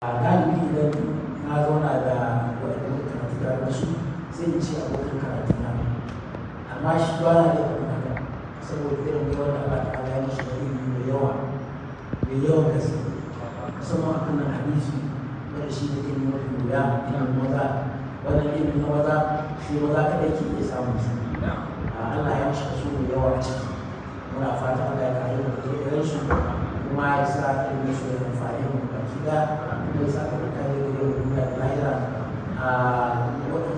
galibi idan na zauna da waɗanda karatu da su sai in ce abokan karatu na amma shi ba na da kuma haka saboda irin da wanda Allah ta gani shi da ilimi mai yawa mai yawan gaske musamman akan nan hadisi wanda shi ne ilimi mafi guda ilimin maza wannan ilimin na maza shi maza kaɗai ke iya samun su Allah ya shi kaso mai yawa a ciki muna fata Allah ya kayi da irin su kuma ya sa ilimin su ya amfani mu baki da da ya saka da kayan da yau duniya da lahira a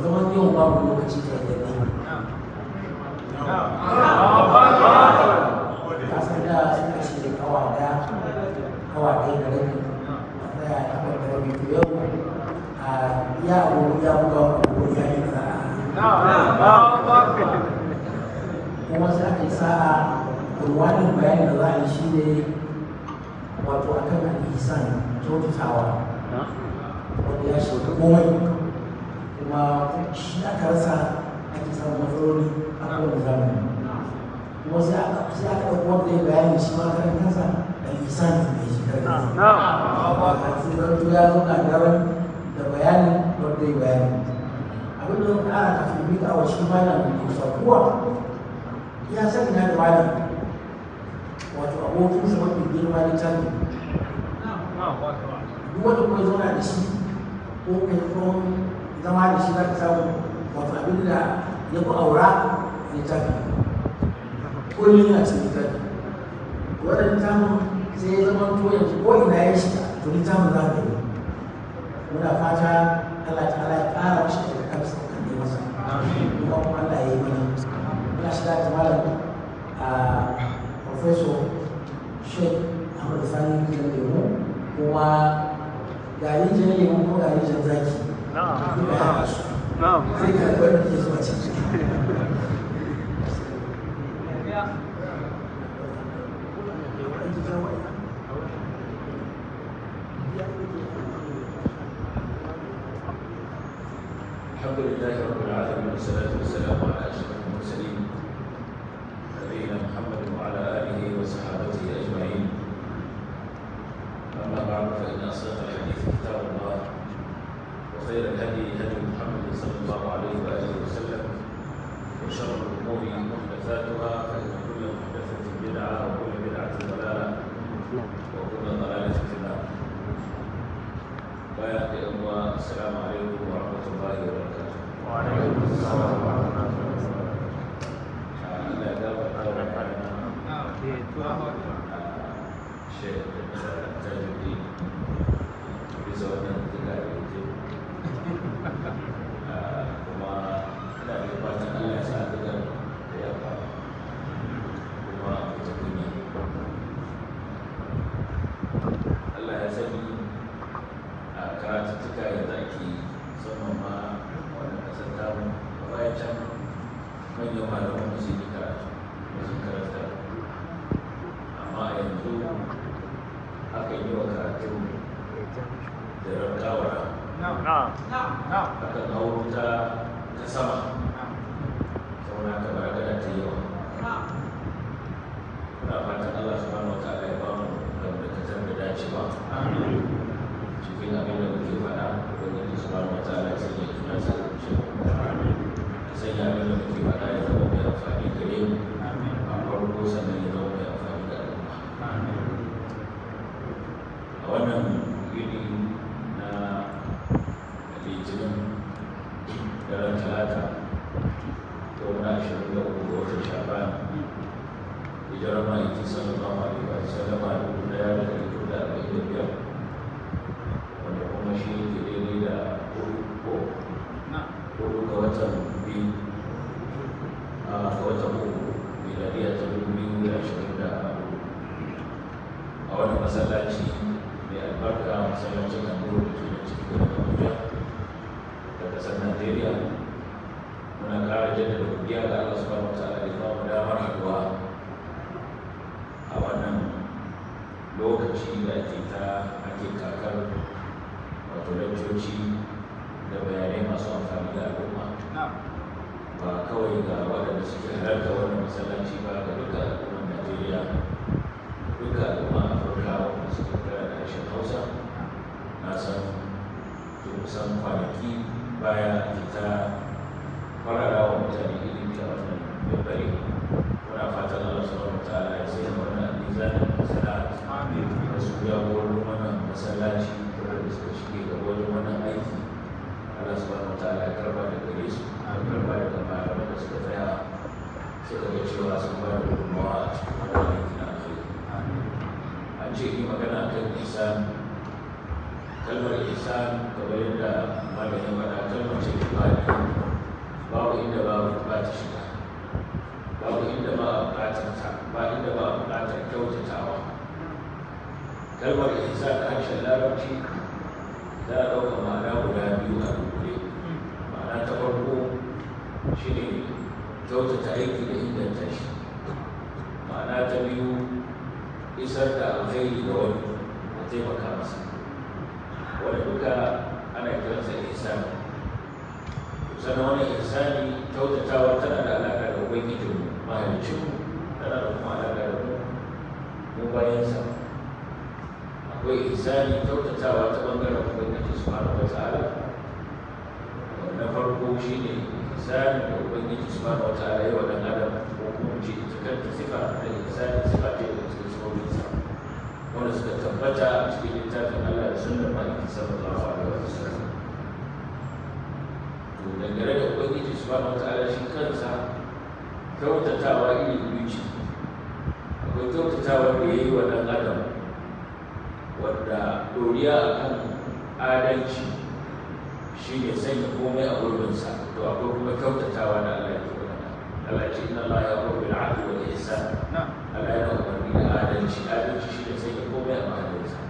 zaman yau babu lokaci ta yi daɗe ka san da suka ce kawa da kawa da ya rabi a tsaya a kan da rabi to yau ya abu ya buga wa abu ya yi tsara kuma sai aka yi sa'a kurwanin bayanin da za a yi shi ne wato akan al'isan kyautatawa ya shiga komai kuma shi aka rasa ake samun matsaloli a kowane zamani kuma sai aka sai aka ɗauko wanda ya bayani shi ma karan kansa da lisan da ya shiga da shi sai zanto ya zo na daren da bayani wanda ya bayani abin da ya ƙara kafin bi a wasu malam da kusa kowa ya sani na da malam wato abokinsa mafi girma littafi duk wanda kuma zauna da shi ko kai tsohon zama da shi za samu wato abin da ya ku aura ya littafi kullum a cikin littafi wannan tamu sai ya zama to ko ina ya shiga to ni tamu za ka yi muna fata Allah ta ala ya ƙara mashi Allah subhanahu wataala ya ba mu da dacewa cikin abin da muke faɗa ubangiji subhanahu wataala ya sanya juna sa zuciya ya abin da muke faɗa ya zama mai amfani gare mu a farko sannan ya zama mai amfani da al'umma a wannan gini na litinin daren talata ko na ashirin da yarama iktisada Aleyhi ve Sellem ayrı bir ce yi magana kan isa kalmar isa kamar yadda magana faɗa kalmar ce ta faɗi babu inda ba ba ta shiga babu inda ba buƙatar ta ba inda ba buƙatar kyautatawa kalmar isa ta harshen larabci za a ɗauka ma'ana guda biyu a dunkule ma'ana ta farko shi ne kyautata aiki da inganta shi ma'ana ta biyu isar da alkhairi da wani a taimaka masa wani duka ana kiransa ihsani sannan wani ihsani kyautatawa tana da alaƙa da ubangijin mahalicin tana da kuma alaƙa da mu bayansa akwai ihsani kyautatawa ta ɓangaren ubangiji subhanahu wa ta'ala na farko shi ne ihsani da ubangiji subhanahu wa wata yi wa da adam ko kuma ce ta kanta sifa da ihsani sifa ce hujjojinsa wanda suka tabbata a cikin littafin Allah da sunnar Malik sallallahu alaihi wa sallam to dangane da ubangiji subhanahu wa ta'ala shi kansa kyautatawa iri biyu ce akwai kyautatawa da ya yi wa ɗan adam wadda ɗoriya a kan adalci shi ne sanya komai a gurbinsa to akwai kuma kyautatawa na Allah Allah na inna Allah ya rubu bil adli wal ihsan yana da adalci komai a ma'adarsa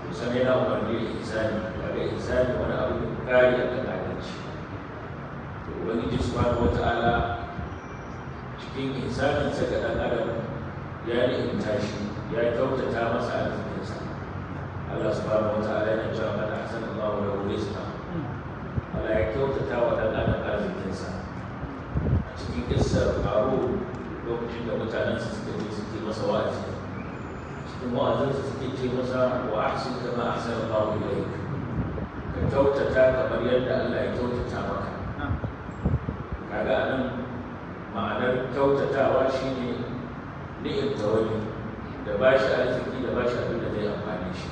to sai yana daga wani abu ne cikin ga adam ya ni'imta shi ya kyautata masa ya kyautata wa dan adam kissar karo lokacin da mutanen su suka je suke masa wa'azi cikin wa'azin su suke ce masa wa ahsin kama ahsan Allah ilayk ka kyautata kamar yadda Allah ya kyautata maka kaga anan ma'anar kyautatawa shine ni'imta wani da ba shi arziki da ba shi abin da zai amfani shi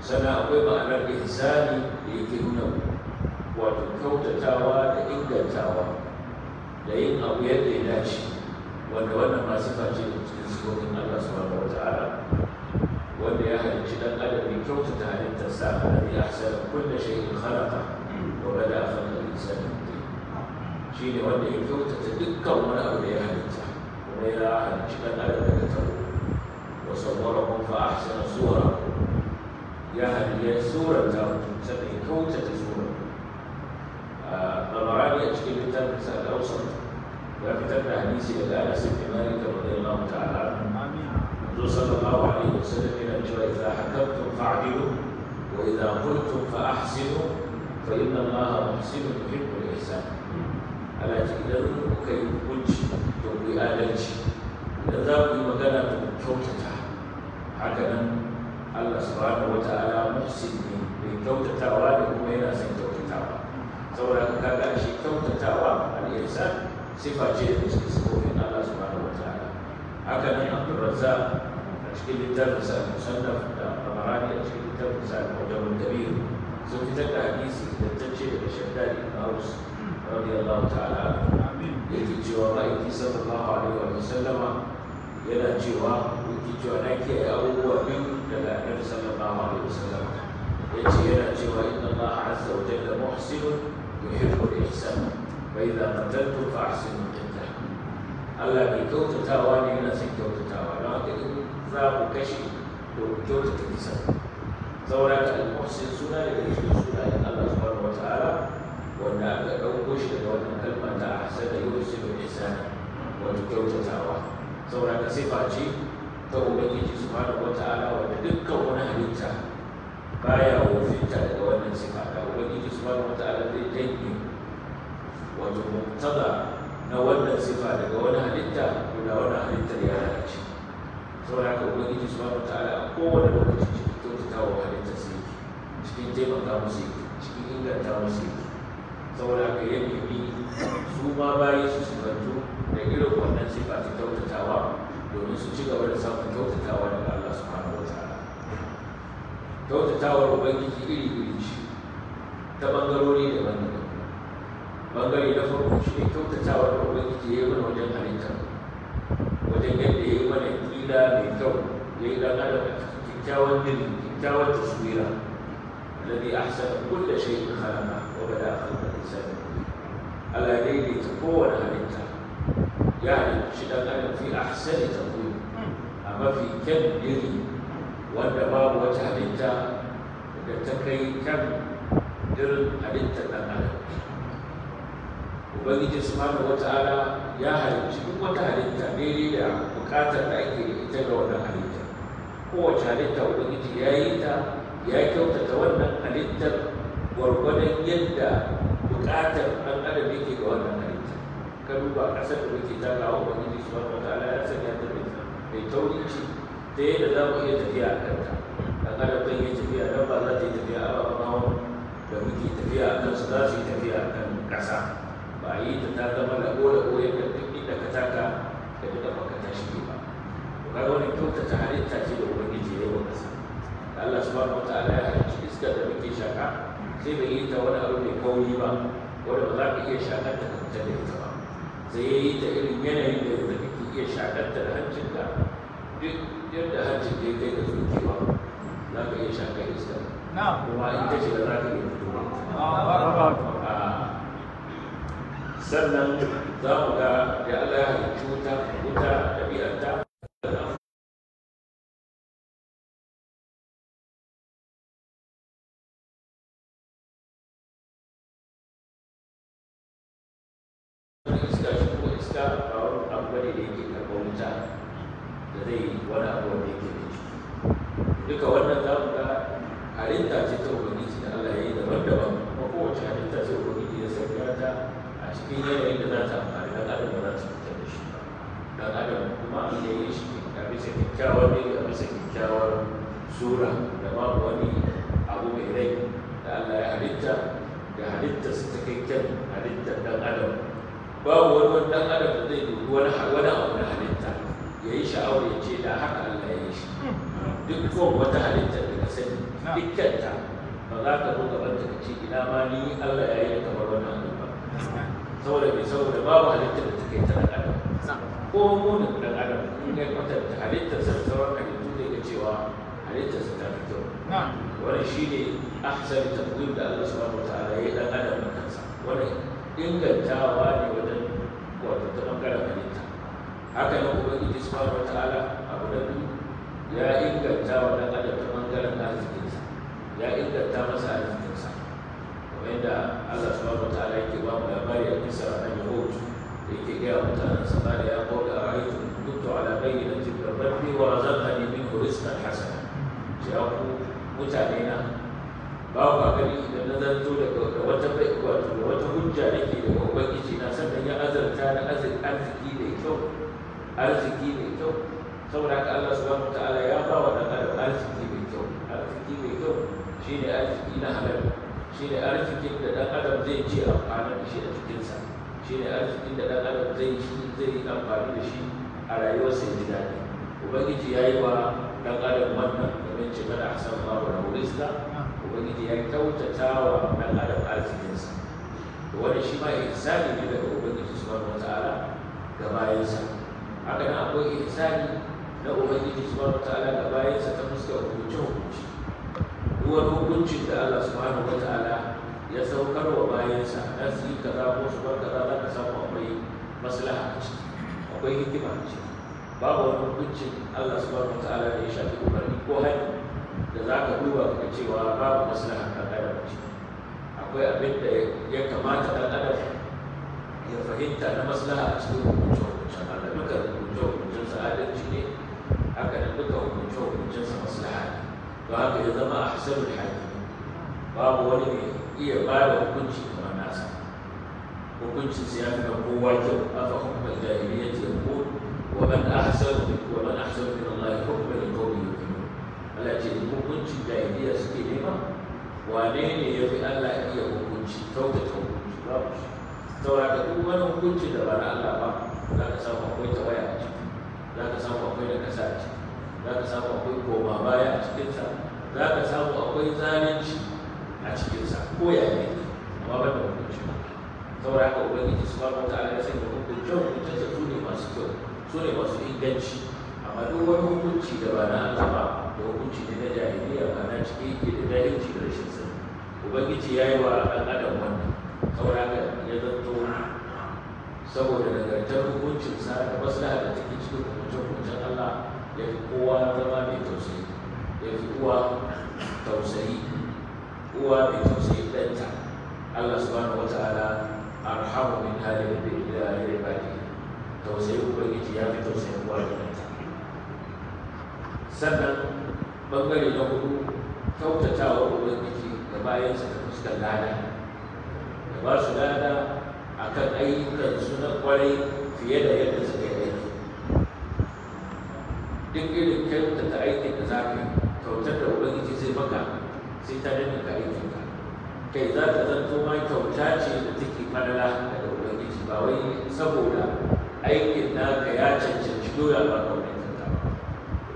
sannan akwai ma'anar ihsani da yake nuna wato kyautatawa da ingantawa da yin abu yadda ya dace wanda wannan ma sifa ce cikin sifofin Allah subhanahu wataala wanda ya halicci dan adam ne kyautata halittarsa alladhi ahsana kulla shay'in khalaqa wa bada khalaqa al-insana shi ne wanda ya kyautata dukkan wani abu da ya halitta kuma ya halicci dan adam daga tabo wa sawwarakum fa ahsana suwarakum ya halitta surata sannan ya kyautata طبعاني أشكال كتاب الإنسان الأوسط ده كتاب حديث إلى أنس بن مالك رضي الله تعالى عنه الرسول صلى الله عليه وسلم إلى إذا حكمتم فاعدلوا وإذا قلتم فأحسنوا فإن الله محسن يحب الإحسان ألا تقدرون كي قلت تقوي آلتي إذا ذاك مكانة كوتتا هكذا الله سبحانه وتعالى محسن من كوتتا وآله ومينا سنتو saboda haka kaga shi kyautatawa al-ihsan sifa ce da cikin sifofin Allah subhanahu wataala haka ne a Razzaq a cikin littafin sa Musannaf da Tabarani a cikin littafin sa Mujawwal ta sun fitar da hadisi da tacce daga Shaddad ibn Aus radiyallahu ta'ala yake cewa ma'aiki sallallahu alaihi wa sallama yana cewa yake cewa na ke abubuwa biyu da lafiyar sallallahu alaihi wa sallama yace yana cewa inna a azza wa jalla muhsinun يحب الإحسان فإذا قتلت فأحسن القتال Allah mai kyautatawa ne yana son kyautatawa don haka in za ku kashe ko kyautata kisa saura ka al-muhsin suna da cikin suna da Allah subhanahu wanda aka ɗauko shi daga wannan kalma ta ahsana yusiru ihsana wato kyautatawa saura sifa ce ta ubangiji subhanahu wata'ala wanda dukkan wani halitta baya wofinta daga wannan sifa ubangiji subhanahu ala zai janye wato mubtada na wannan sifa daga wani halitta to da halitta halittar ya lalace saboda haka ubangiji subhanahu wataala a kowane lokaci cikin kyautata wa halitta su yi cikin taimaka musu yi, cikin inganta musu yi saboda haka ya nemi su ma bayi su sifantu da irin wannan sifa ta kyautatawa domin su ci gaba da samun kyautatawa daga Allah subhanahu wataala kyautatawar ubangiji iri iri ce ta bangarori daban-daban bangare na farko shi ne kyautatawar da ubangiji ya yi mana wajen halitta wajen yadda ya yi mana kila mai kyau ya yi dan adam a cikin kyakkyawan dini kyakkyawan taswira alladhi ahsana kulla shay'in khalaqa wa bada khalqa insana Allah ya daidaita kowane halitta ya halicci dan adam fi ahsani taqwim a mafi kyan dini wanda babu wata halitta da ta kai kan irin halittar ɗan adam ubangiji subhanahu wata'ala ya halicci duk wata halitta daidai da buƙatar da ake da ita ga wannan halitta kowace halitta ubangiji ya yi ta ya kyautata wannan halittar gwargwadon yadda buƙatar ɗan adam yake ga wannan halitta ka duba ƙasar da muke takawa ubangiji subhanahu wata'ala ya sanya ta mai tauri ce ta yadda za mu iya tafiya a kanta ɗan adam zai iya tafiya dan ba za ta yi tafiya a ba da muke tafiya a kansu za su yi tafiya a kan ƙasa ba yi ta ta zama na ƙola ƙola da duk inda ka taka da duk da baka tashi ne ba ka ga wani kyautata halitta ce da ubangiji ya yi wa ƙasa da Allah subhanahu ta ala ya halicci iska da muke shaka sai bai yi ta wani abu mai kauri ba wanda ba za ka iya shakar ta ka da ita ba sai ya yi ta irin yanayin da da kake iya shakar ta da hancinka duk yadda hancin ya kai da tsokewa za ka iya shakar iska kuma ita ce da za sannan za mu ga da Allah ya halicci wuta wuta ɗabi'arta wani abu na halitta ya yi sha'awar ya ce da haka Allah ya yi shi duk kowane wata halitta da ka sani dukkanta ba za ka zo gaban ta ce ina ma ni Allah ya yi kamar wannan abu ba saboda mai saboda babu halitta da take ta adam ko mun dan adam in ka kwatanta halittar sa sauran halittu da cewa halittar sa ta fito wannan shine ahsan taqdim da Allah subhanahu wa ta'ala ya dan adam kansa wannan ingantawa ne wanda wato ta bangaren halitta haka nan ubangiji subhanahu wataala abu biyu ya inganta wa adam ta arzikinsa ya inganta masa arzikinsa kamar yadda Allah subhanahu wataala yake ba mu labari a bisa annabi Hud da yake gaya wa mutanen Samariya ya kawo da araitu kuntu ala bayyinatin min rabbi hasana ya ku mutane na ba ku gani idan na zanto daga wata wato da wata hujja da ke daga ubangiji na sannan ya azarta na arziki mai kyau arziki mai kyau saboda haka Allah subhanahu ta'ala ya ba wa dan adam arziki mai kyau arziki mai kyau shine arziki na halal shine arzikin da dan adam zai ci amfani da shi a cikinsa shine arzikin da dan adam zai ci zai amfani da shi a rayuwarsa ya ji daɗi ubangiji ya yi wa dan adam wannan da ci da hasan babu rahul islam ubangiji ya kyautata wa ɗan adam arzikinsa to wannan shi ma ihsani ne daga ubangiji subhanahu ta'ala ga bayansa haka nan akwai ihsani na ubangiji subhanahu ta'ala ga bayansa ta fuskar hukunce hukunci ruwan hukuncin da Allah subhanahu ta'ala ya saukar wa bayansa na su yi kaza ko su bar kaza za ka samu akwai maslaha a ciki akwai hikima a ciki babu wani hukuncin Allah subhanahu ta'ala da ya shafi umarni ko hannu. da za ka duba ka cewa babu maslaha ɗan adam akwai abin da ya kamata ɗan adam ya fahimta na maslaha a cikin hukuncin hukuncin Allah duka hukuncin hukuncin sa adalci ne haka da duka hukuncin hukuncin sa maslaha ne to haka ya zama a hasanul hakim babu wani mai iya ba da hukunci kamar nasa hukuncin sa ya fi na kowa kyau afa hukumar jahiliyyati yaqul wa man ahsanu wa man ahsanu min Allah hukman Allah ce hukuncin da yabiya suke nema wane ne ya fi Allah iya hukunci ta hukunci babu shi saura da duk wani hukunci da ba na Allah ba za ka samu akwai tawaya a ciki za ka samu akwai da kasa a ciki za ka samu akwai koma baya a cikinsa za ka samu akwai zalunci a cikinsa ko ya ne amma ban da hukunci ba saura ka ubangiji subhanahu wataala ya sanya hukuncin hukuncin su ne masu kyau su ne masu inganci amma duk wani hukunci da ba na Allah ba da hukunci ne na jahiliya ba na ciki yake da jahilci da rashin sani ubangiji ya yi wa ɗan adam wannan saboda haka ya zanto saboda nagartar hukuncinsa da maslaha da take cikin hukuncin Allah ya fi kowa zama mai tausayi ya fi kowa tausayi Kowa mai tausayi ɗanta Allah wata ala arhamu min halin da ila ibadi tausayi ubangiji ya fi tausayin uwa da sannan bangare na hudu kyautatawa ubangiji da bayansa ta fuskar lada da ba su lada a kan ayyukansu na kwarai fiye da yadda suka yi aiki duk irin kyautata aikin da za ka kyautar da ubangiji zai maka sai ta ka aikin ka, kai za ta zanto ma kyauta ce da take fadala daga ubangiji ba wai saboda aikin naka ya cancanci doya ba kawai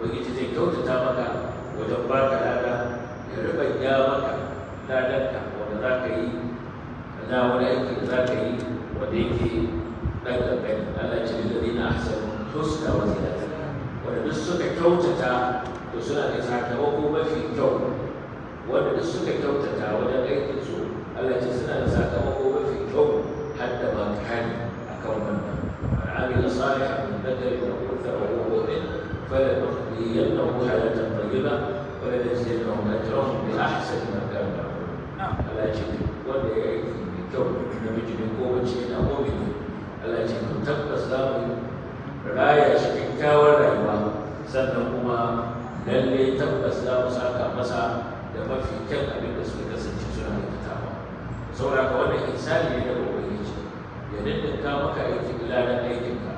ubangiji zai kyautata maka wajen baka lada ya ya maka ladanka wanda za ka yi na wani aiki da za ka yi wanda yake ɗan ƙanƙani Allah ce da zai na hasanu husna da ta wanda duk suka kyautata to suna da sakamako mafi kyau wanda duk suka kyautata wajen aikin su Allah ce suna da sakamako mafi kyau har da makani akan wannan. Al'amila salihah min dakari wa kuntha wa wani mu'min فلنحيينه حياة طيبة ولنجزينهم أجرهم بأحسن ما كانوا يعملون. نعم. على جد ولا يكفي بكون نمجي من قوة شيئا مؤمنا. على جد تقص لامي راية شككا والرحمة. سنهما للي تقص لامي ساكا مسا لما في كان أبي رسول الله صلى الله عليه وسلم. سورة كون إنسان يدعو إليه. يدعو كامك أيدي إلى أيديك.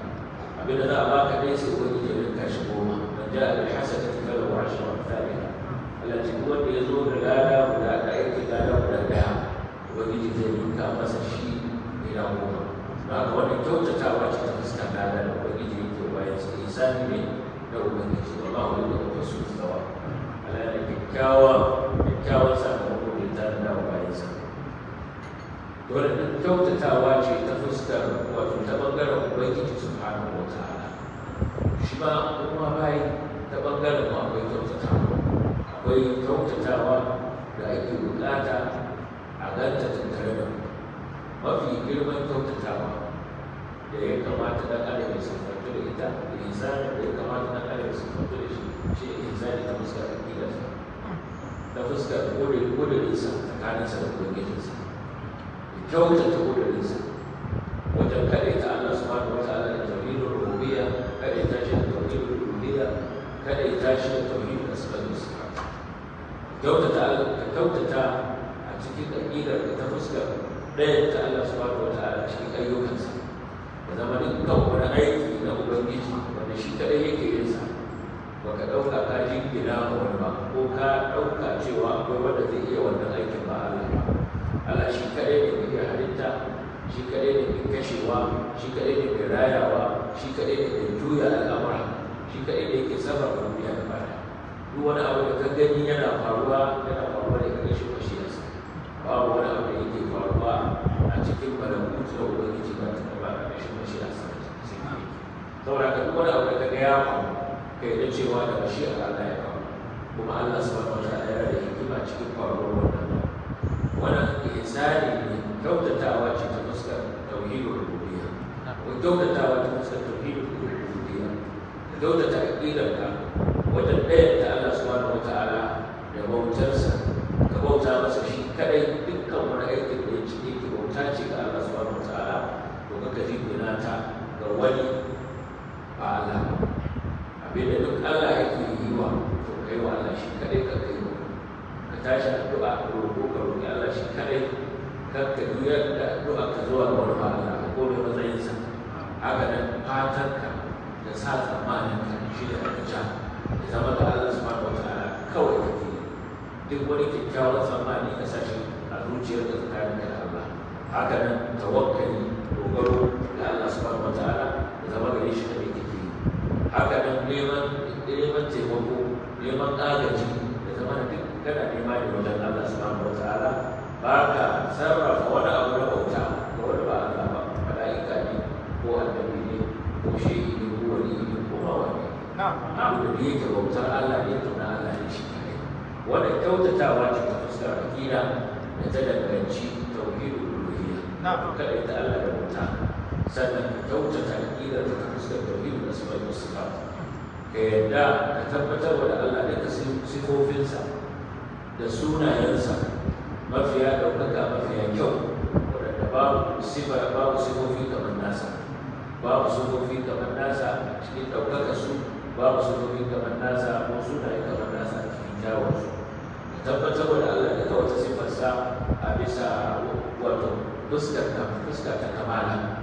abin da za a baka dai sai ubangiji ya rinka shi goma man ja'a bil hasanati falahu ashru amsalha Allah ce kuma da ya zo da lada guda da aiki lada guda daya ubangiji zai rinka masa shi ila goma ba ga wannan kyautatawa ce ta fuskar lada da ubangiji yake bayan sa isani ne da ubangiji wallahu yadda ku su tsawa Allah ya kyakkyawa kyakkyawan sakamako dole kyautatawa ce ta fuskar wato ta bangaren ubangiji subhanahu wa ta'ala shi ma kuma bai ta bangaren ma akwai kyautatawa akwai kyautatawa da ake bukata a ganta tattare da mafi girman kyautatawa da ya kamata dan adam ya sifantu da ita da insani da ya kamata dan adam ya sifantu da shi shi ne insani ta fuskar aqidarsa ta fuskar kodin kodin sa tsakaninsa da ubangijinsa kyautata kudurinsa wajen kare ta Allah subhanahu wa ta'ala da tauhidul rububiyya kaɗaita shi da tauhidul rububiyya kaɗaita shi da tauhidul asma'i wa sifat Allah ka kyautata a cikin aqidar da ta fuskar ɗayan ta Allah subhanahu wa ta'ala cikin ayyukansa da zama dukkan wani aiki na ubangiji wanda shi kaɗai yake yin sa baka ɗauka ka jingina wani ba ko ka ɗauka cewa akwai wanda zai iya wannan aikin ba Allah ba Ala shi kaɗai ne mai halitta shi kaɗai ne mai kashewa shi kaɗai ne mai rayawa shi kaɗai ne mai juya al'amura shi kaɗai ne ke sarrafa duniya da bata duk wani abu da ka gani yana faruwa yana faruwa da kaga shi mashiyarsa babu wani abu da yake faruwa a cikin malakutu da ubangiji ba ta ba a yasa mashiyarsa saboda ka duk wani abu da ka ga ya faru ka da cewa da mashiyar Allah ya faru kuma Allah subhanahu wa ta'ala yana da hikima cikin faruwar wannan wannan misali ne kyautatawa ce ta fuskar tauhidul rububiyya ko kyautatawa ta fuskar tauhidul rububiyya da kyautata aqidar ka wajen ɗaya ta Allah subhanahu wataala da bautarsa ka bauta masa shi kadai dukkan wani aikin da yake yake bauta ce ga Allah subhanahu wataala to kaka jibina ta ga wani ba Allah da duk Allah yake yi wa to kai wa Allah shi kadai ka kai ka tashi addu'a roƙo ka roƙi Allah shi kadai kar ka juyar da addu'a ka zuwa ga wani Allah ko da matsayinsa haka nan fatan ka da sa tsammanin ka shi da ka da zama da Allah subhanahu wataala kawai ka kake duk wani kyakkyawan tsammani ka sa shi a zuciyar da tsakanin da Allah haka nan tawakkali dogaro da Allah subhanahu wataala da zama gare shi da kake yi haka nan neman neman taimako neman agaji da zama duk kana nema ne wajen Allah subhanahu wataala ba ka sarrafa wani abu na bauta ga wani ba Allah ba mala'ika ne ko annabi ne ko shehi ne ko wani ne ko mawani abu da yake bautar Allah ne to na Allah ne shi kadai wanda kyautatawa ce ta fuskar akida da ta danganci tauhidul uluhiyya kada ta Allah da bauta sannan kyautata akida ta fuskar tauhidul asma'i was sifat ka yadda ka tabbatar da Allah ne ka sifofinsa da sunayensa mafiya ɗaukaka mafiya kyau wadanda babu sifa babu sifofi kamar nasa babu sifofi kamar nasa a cikin ɗaukaka su babu sifofi kamar nasa ko yi kamar nasa a cikin kyawun su da tabbatar da Allah ta wata sifarsa a bisa wato fuskar ta kamala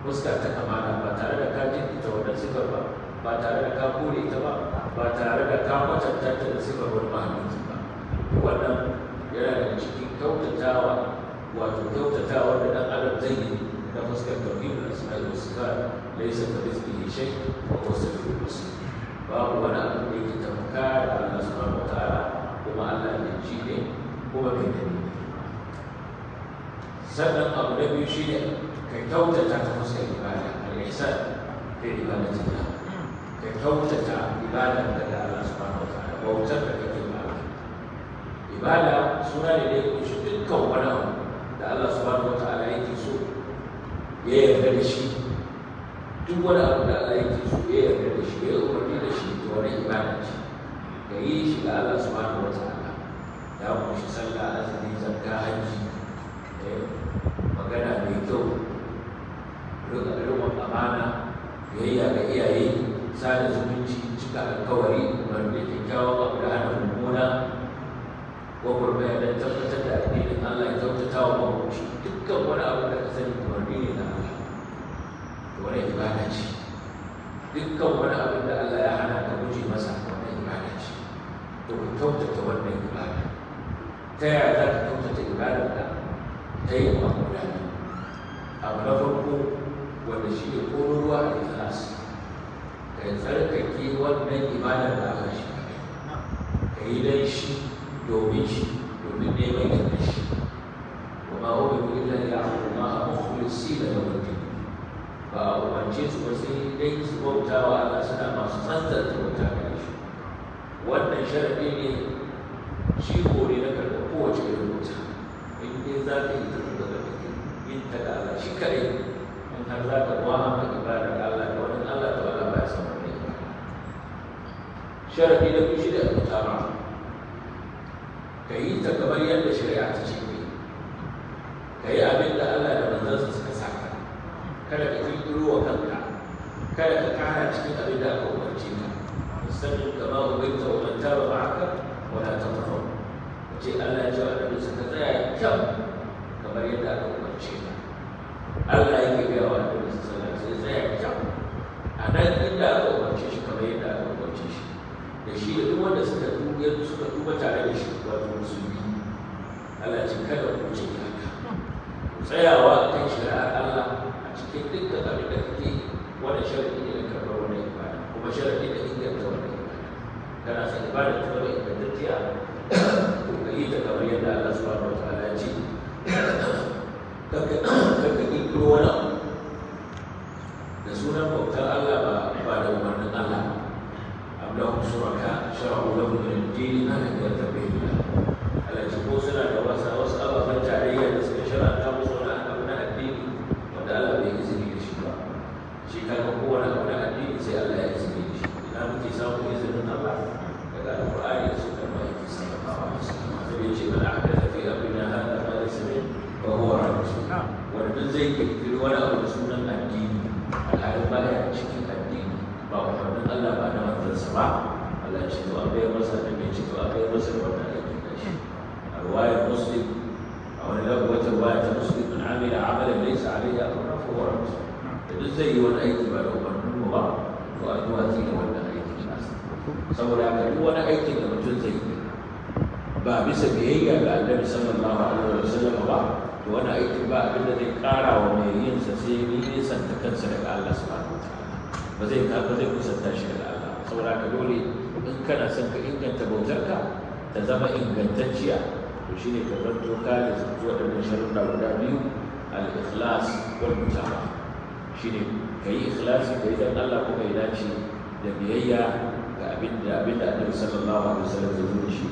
ta kamala ba tare da ka jinkita wannan sifar ba ba tare da ka kore ta ba ba tare da ka kwatanta ta da sifar wani mahalicci ba wannan yana da cikin kyautatawa wato kyautatawa da ɗan adam zai yi na fuskar tauhid da asma da sifa laysa ka mithlihi shai wa wasu samiul basir babu wani abu da yake tafka da Allah subhanahu wa ta'ala kuma Allah ya ji ne kuma kai mai gani sannan abu na biyu shine kai kyautata ta fuskar ibada al-ihsan Ibada ibadatillah ka kyautata Ibada da Allah subhanahu wa bautar da ibada suna ne da ya kunshi dukkan wani abu da Allah subhanahu wata'ala yake so ya yarda da shi duk wani abu da Allah yake so ya yarda da shi ya yi umarni da shi da wani ibada ce ka yi shi ga Allah subhanahu wata'ala ya kunshi sallah azumi zakka hajji eh, magana mai kyau rika rikon amana biyayya ga iyaye sada zumunci cika alkawari umarni kyakkyawan abu da hana mummuna gwagwarmaya don tabbatar da addinin Allah ya kyautata wa mabuci dukkan wani abu da ka sani kuma ne na Allah to wani ibada ce dukkan wani abu da Allah ya hana ka guje masa wani ibada ce to ku kyautata wannan ibada ta yaya za ka kyautata ibadar da ta yi wa guda abu na farko wanda shi ne ƙoruruwa a ikhlas ka tsarkake wannan ibadar da aka shi ka yi dan shi domin shi domin neman yadda shi wa ma umiru illa li ya'budu ma da lahu din ba a umarce su ba sai dai su bauta wa Allah suna masu tsantsanta bauta ga shi wannan sharadi ne shi kore na karɓar kowace irin bauta in dai za ka yi ta kuma da yin ta da Allah shi kare in har za ka wa maka ibada da Allah da wani Allah ta wala ba ya samu ne sharadi na kushi da mutara ka yi ta kamar yadda shari'a ta ce ne ka yi abin da Allah da manzansa suka saka kada ka kirkiro wa kanka kada ka kara cikin abin da aka umarce ka musamman kama umarta wa man taba wala ta la tafahu ce Allah ya ce annabi suka tsaya kyau kamar yadda aka umarce ka Allah ya ke gaya wa annabi sallallahu sai tsaya kyau a nan inda aka umarce shi kamar yadda aka umarce shi da shi da duk wanda suka duba suka duba tare da shi wato musulmi Allah ya ce kada ku ce haka tsayawa a kan shari'ar Allah a cikin duk da abin da kake wani sharadi ne na karɓar wani ibada kuma sharadi da inganta wani ibada kana sa ibada ta zama ingantacciya ko ka yi ta kamar yadda Allah subhanahu wa ta'ala ya ce kanka ƙirƙiro wani da sunan bautar Allah ba ba da umarnin Allah ba لهم شركاء شرعوا لهم من الدين ما لم يأتوا به الله ba zai ka ba zai kusanta shi da Allah saboda ka dole in kana son ka inganta bautarka ta zama ingantacciya to shine ka zanto ka da zuwa da sharuɗa guda biyu al-ikhlas wal mutaba shine kai ikhlasi kai dan Allah kuma ya dace da biyayya ga abin da abin da Annabi sallallahu alaihi wasallam ya zo shi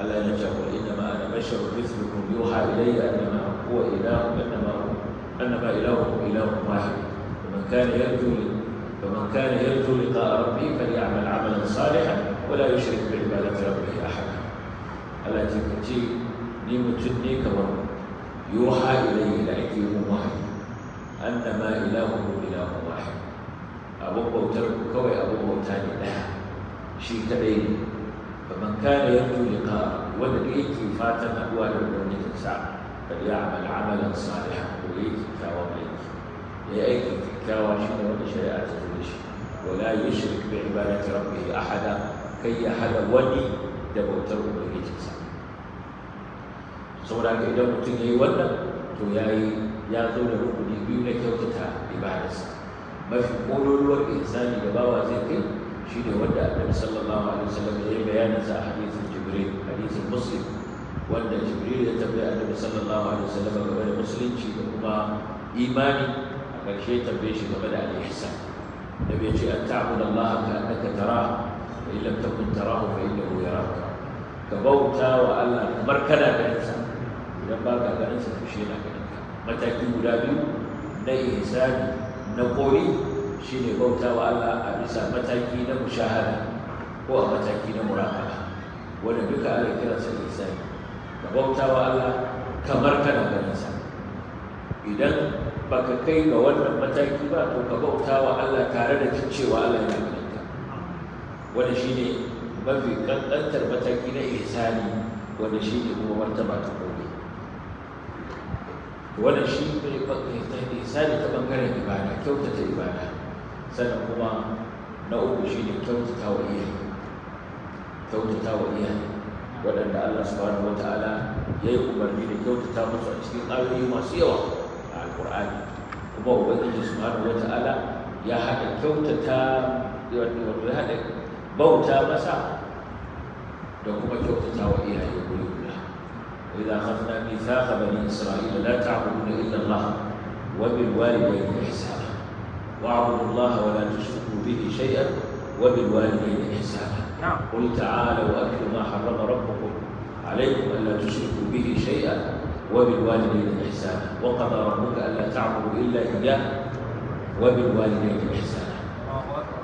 Allah ya ce wa inna ma ana basharun mithlukum yuha ilayya annama huwa ilahun annama annama ilahukum ilahun wahid man kana yarju فمن كان يرجو لقاء ربه فليعمل عملا صالحا ولا يشرك بعبادة ربه أحدا ألا تكتي نيم تدني كما يوحى إليه لأكيه واحد أنما إلهه إله واحد أبو بوتر كوي أبو تاني لها شيء كبير فمن كان يرجو لقاء ولقيت فاتن أبوال ولديك سعد فليعمل عملا صالحا وليك كاوم ليك kyakkyawa shi ne wanda shari'a ta zo shi wala yushrik bi ibadati rabbih ahada kai ya hada wani da bautar ubangijinsa saboda ka idan mutum ya yi wannan to yayi ya zo da rukuni biyu na kyautata ibadarsa mafi kololuwar insani da bawa zai kai shi ne wanda annabi sallallahu alaihi wasallam ya yi bayanin sa a hadisin jibril hadisin muslim wanda jibril ya tabbata annabi sallallahu alaihi wasallam game da musulunci da kuma imani karshe tambaye shi game da al-ihsan nabi ce an ta'budu Allah ka annaka tara. fa illam takun tarahu fa innahu yaraka ka bauta wa Allah kamar kana ganin sa idan ba ka ganin sa fushi yana ganin ka mataki guda biyu na ihsani na koyi shine bauta wa Allah a bisa mataki na mushahada ko a mataki na muraqaba wanda duka ana kiransa ihsani ka bauta wa Allah kamar kana ganin sa idan baka kai ga wannan mataki ba to ka bauta wa Allah tare da jin cewa Allah yana ganin ka wanda shine mafi kankantar mataki na ihsani wanda shi ne kuma martaba ta gobe wannan shi ne ihsani ta ɓangaren ibada kyautata ibada sannan kuma na uku shine kyautata wa iyaye kyautata wa iyaye waɗanda Allah subhanahu wataala ya yi umarni da kyautata musu a cikin ayoyi masu yawa alqur'ani kuma ubangiji subhanahu ta'ala ya haɗa kyautata wato ya bauta masa da kuma kyautata wa iyaye guri guda idza akhadna mithaqa bani isra'ila la ta'buduna illa allah wa bil walidayni ihsana واعبدوا الله ولا تشركوا به شيئا وبالوالدين احسانا نعم قل تعالوا اتل ما حرم ربكم عليكم الا تشركوا به شيئا وبالوالدين إحسانا وقضى ربك ألا تعبدوا إلا إياه وبالوالدين إحسانا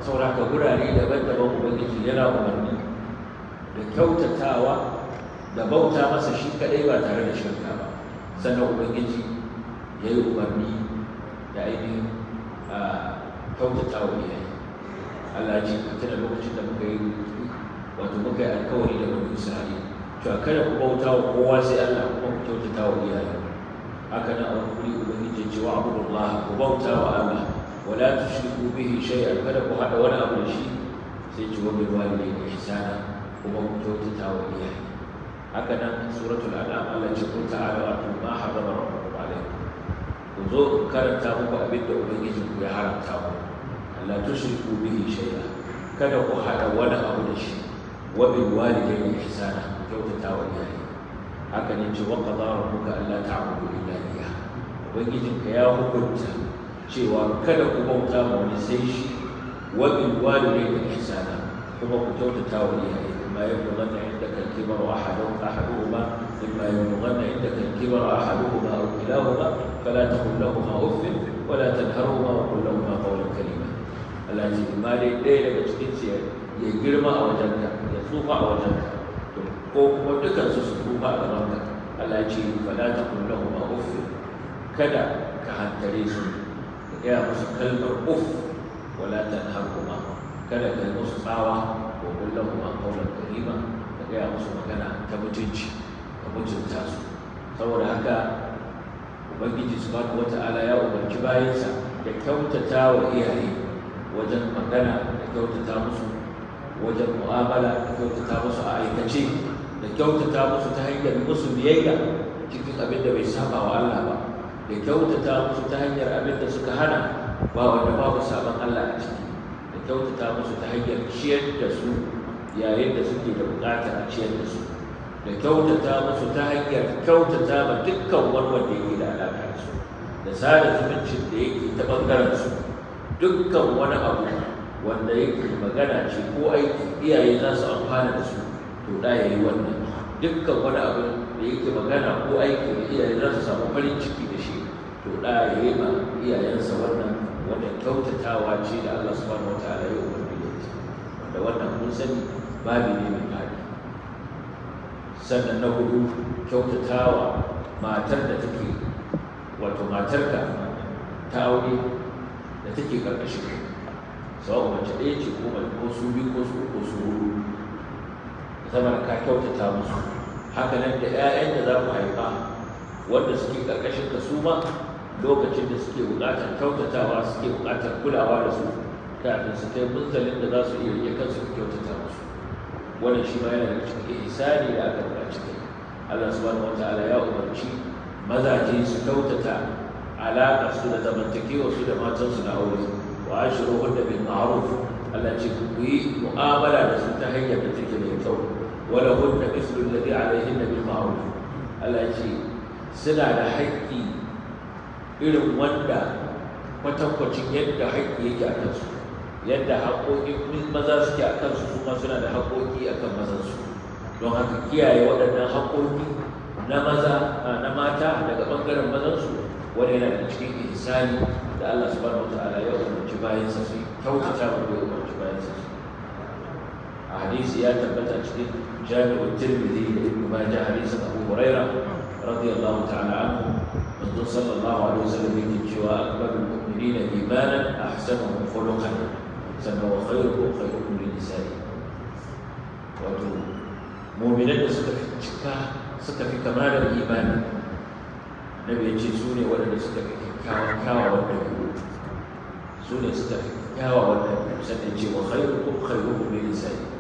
saboda ka gurare daban-daban ubangiji yana umarni da kyautatawa da bauta masa shi kaɗai ba tare da shirka ba sannan ubangiji ya yi umarni da ainihin kyautatawa iyaye Allah ce a tana lokacin da muka yi muka yi alkawari da wani to kada ku bauta wa kowa sai Allah kuma ku kyautata wa iyaye haka nan a wuri ubangiji ya ce wa abdullah ku bauta wa Allah wala tushriku bihi shay'an kada ku hada wani abu da shi sai ce wa bil walidayni ihsana kuma ku kyautata wa iyaye haka nan suratul an'am Allah ce kun ta'ala wa ma harrama rabbukum alaykum ku zo karanta muku abin da ubangiji ku ya haramta ku Allah tushriku bihi shay'an kada ku hada wani abu da shi wa bil walidayni ihsana haka ne ce wa qada rabbuka alla ta'budu illa iyyah ubangijinka ya hukunta cewa kada ku bauta ma wani sai shi wa bil walidayni ihsana kuma ku kyautata wa iyaye ma yablughanna indaka al-kibar ahaduhuma mimma yablughanna indaka al-kibar ahaduhuma aw kilahuma fala taqul lahuma uff wala tanharhuma wa qul lahuma qawlan karima Allah ce ma dai dai daga cikin ya girma a wajenka ya tsufa a wajenka ko kuma dukansu su ba rabbaka Allah ya ce ta taqul lahum uff kada ka hantare su ka gaya musu kalmar uff wala tanharhuma kada ka yi musu tsawa ko kullahum qawlan karima ka gaya musu magana ta mutunci ka mutunta su saboda haka ubangiji subhanahu wata'ala ya umarci bayansa da kyautata wa iyaye wajen magana da kyautata musu wajen mu'amala da kyautata musu a aikace da kyautata musu ta hanyar musu biyayya cikin abin da bai saba wa Allah ba da kyautata musu ta hanyar abin da suka hana ba wanda babu sabon Allah a ciki da kyautata musu ta hanyar ciyar da su yayin da suke da buƙatar ciyar da su da kyautata musu ta hanyar kyautata ma dukkan wani wanda yake da alaƙa da su da sada zumuncin da yake ta ɓangaren su dukkan wani abu wanda yake magana ce ko aiki iyaye za su amfana da su to da ya yi wannan dukkan wani abu da yake magana ko aiki da iyayen za su samu farin ciki da shi to da ya yi ma iyayensa wannan wanda kyautatawa ce da Allah subhanahu wataala ya umarni da ita wanda wannan mun sani babi ne mai kare sannan na hudu kyautatawa matar da take wato matarka ta aure da take karkashin ka sawa mace ɗaya ce ko ko su biyu ko su uku su zama ka kyautata musu haka nan da 'ya'yan da za mu haifa wanda suke ƙarƙashin ka su ma lokacin da suke buƙatar kyautatawa suke buƙatar kulawa da su kafin su kai munzalin da za su iya rike kansu ka kyautata musu wannan shi ma yana da cikin ihsani da aka buƙaci cikin. Allah subhanahu wataala ya umarci mazaje su kyautata alaƙa su da zamantakewa su da matansu na aure wa ashiru hunna bil ma'ruf Allah ce ku yi mu'amala da su ta hanyar da take mai kyau ولهن مثل الذي عليهن بالمعروف Allah ya ce suna da haƙƙi irin wanda kwatankwacin yadda haƙƙi yake a kansu yadda haƙoƙin maza suke a kansu kuma suna da haƙoƙi a kan mazansu don haka kiyaye waɗannan haƙoƙi na maza na mata daga ɓangaren mazansu wani yana da cikin ihsani da Allah subhanahu wataala ya umarci bayansa su kyautata wa ya umarci bayansa su a hadisi ya tabbata cikin جابر الترمذي وابن ماجه حديث ابو هريره رضي الله تعالى عنه الرسول صلى الله عليه وسلم يقول شو اكبر المؤمنين ايمانا احسنهم خلقا ثم وخيره خيركم للنساء وتوبوا مؤمنا ستفك ستفك كمال الايمان نبي يجي سوني ولا نستفك كاوى كاوى والنبي سوني ستفك كاوى والنبي ستجي وخيركم خيركم للنساء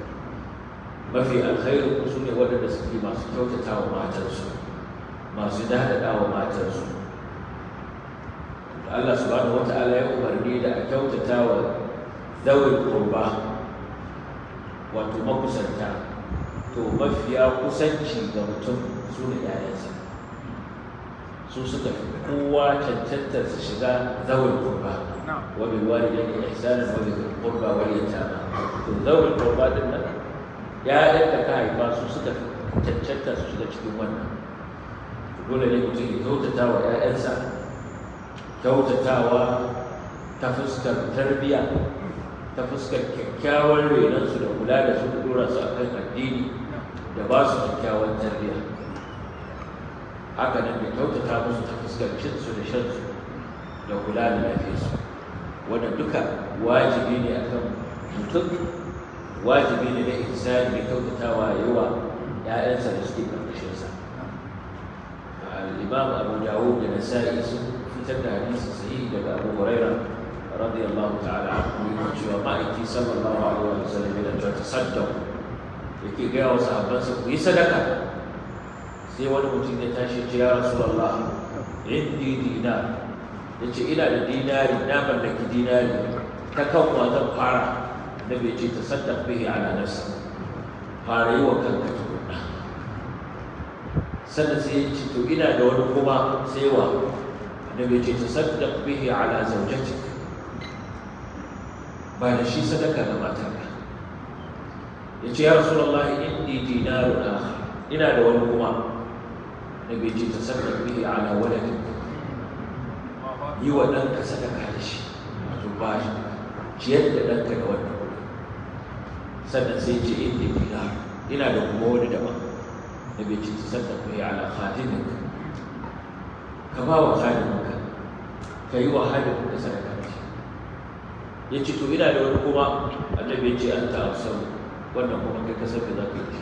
mafi alkhairin ku sune waɗanda suke masu kyautata wa matansu masu dadada wa matansu Allah subhanahu wata'ala ya umarni da a kyautata wa zawin qurba wato makusanta to mafiya kusanci ga mutum su ne ƴaƴansa su suka fi kowa cancantar su shiga zawin qurba wa bil walidayni ihsanan wa bil qurba wal yatama to zawin qurba din nan Ya da ka haifa su suka cancanta su shiga cikin wannan dole ne mutum ya kyautata wa 'ya'yansa kyautatawa ta fuskar tarbiyya ta fuskar kyakkyawar renonsu da kula da su da dora su akan addini da ba su kyakkyawar tarbiyya haka nan da kyautata musu ta fuskar cinsu da shansu da kula da lafiyarsu wanda duka wajibi ne akan mutum wajibi ne na ihsani mai kyautatawa yawa ‘ya'yansa da suke ƙarƙashinsa al'imam abu dawo da nasa'i sun fitar da hadisi sahihi daga abu huraira radiyallahu ta'ala anhu yake cewa ma'aiki sallallahu alaihi wa sallam yana cewa tasaddaqu yake gaya wa sahabbansa ku yi sadaka sai wani mutum ya tashi ce ya rasulullah indi dinar yace ina da dinari na mallaki dinari ta kan wa zan fara annabi bai ce tasaddaq bihi ala nafsi fara yi wa kanka tukunna sannan sai ce to ina da wani kuma sai wa annabi bai ce tasaddaq bihi ala zawjatik ba da shi sadaka ga matarka ya ce ya rasulullahi indi na akhar ina da wani kuma annabi bai ce tasaddaq bihi ala waladik yi wa ɗanka sadaka da shi wato ba shi ciyar da ɗanka da wani sannan sai ce inni bila ina da kuma wani daban da bai ci sannan ku yi ala khadimin ka ba wa khadimin ka ka yi wa khadimin ka sadaka ya ce to ina da wani kuma annabi ya ce an ta amsaru wannan kuma kai kasar da za ka yi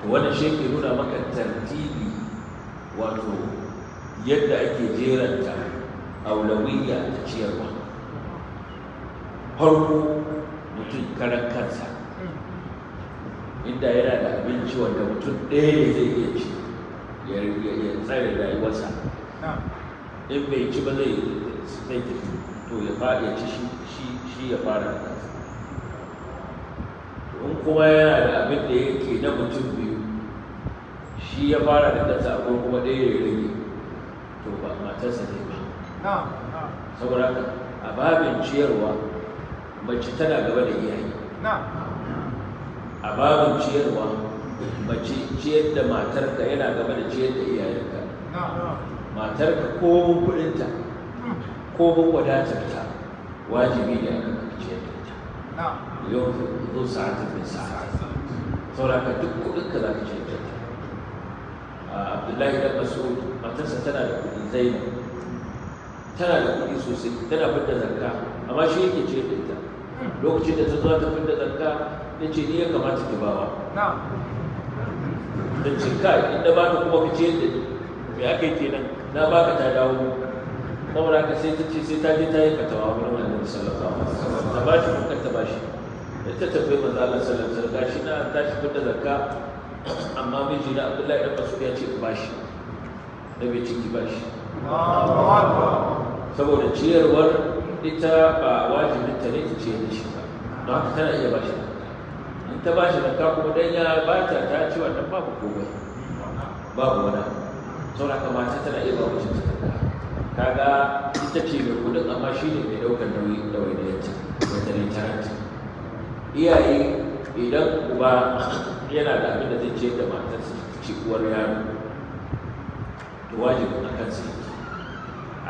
to wannan shi ke nuna maka tartibi wato yadda ake jeranta aulawiyya ta ciyarwa farko mutum karan kansa inda yana da abinci wanda mutum ɗaya ne zai iya ci ya tsare rayuwarsa in bai ci ba zai su tafi to ya fara ya ci shi ya fara da kansa in kuma yana da abin da yake na mutum biyu shi ya fara da kansa ko kuma ɗaya ya rage to ba matarsa ne ba saboda a babin ciyarwa mace tana gaba da iyaye a babin ciyarwa mace ciyar da matarka yana gaba da ciyar da iyayenka matarka ko kudinta hmm. ko wadatarta wajibi ne aka ciyar da ita yau zo sa'atar bin sa'a sauraka duk kudinka za ka ciyar da ita abdullahi da mas'ud matarsa tana da kudin zainab tana da kudi sosai tana fitar zakka amma shi yake ciyar da ita lokacin da ta zuwa ta da zakka ya ce ni ya kamata ki bawa da ce kai inda ba ka kuma ka da me aka yi kenan na ba ka ta dawo saboda haka sai ta ce sai ta je ta yi fatawa wani wannan da sallallahu alaihi ta ba shi kuka ta ba shi da ta tafi manzo Allah sallallahu alaihi wasallam na ta shi da zakka amma ji na Abdullahi da masu ya ce ba shi da bai ciki ba shi saboda ciyarwar ita ba wajibin ta ne ta ce da shi ba don haka tana iya bashi da in ta bashi da ka kuma dan ya bata ta ci wannan babu komai babu wani saboda haka mata tana iya ba mijin ta kaga ita ce mai kudin amma shi ne mai daukar nauyi da waidayarta wata ne taranta iyaye idan uba yana da abin da zai ce da matarsa ci uwar yaro to wajibin akan sai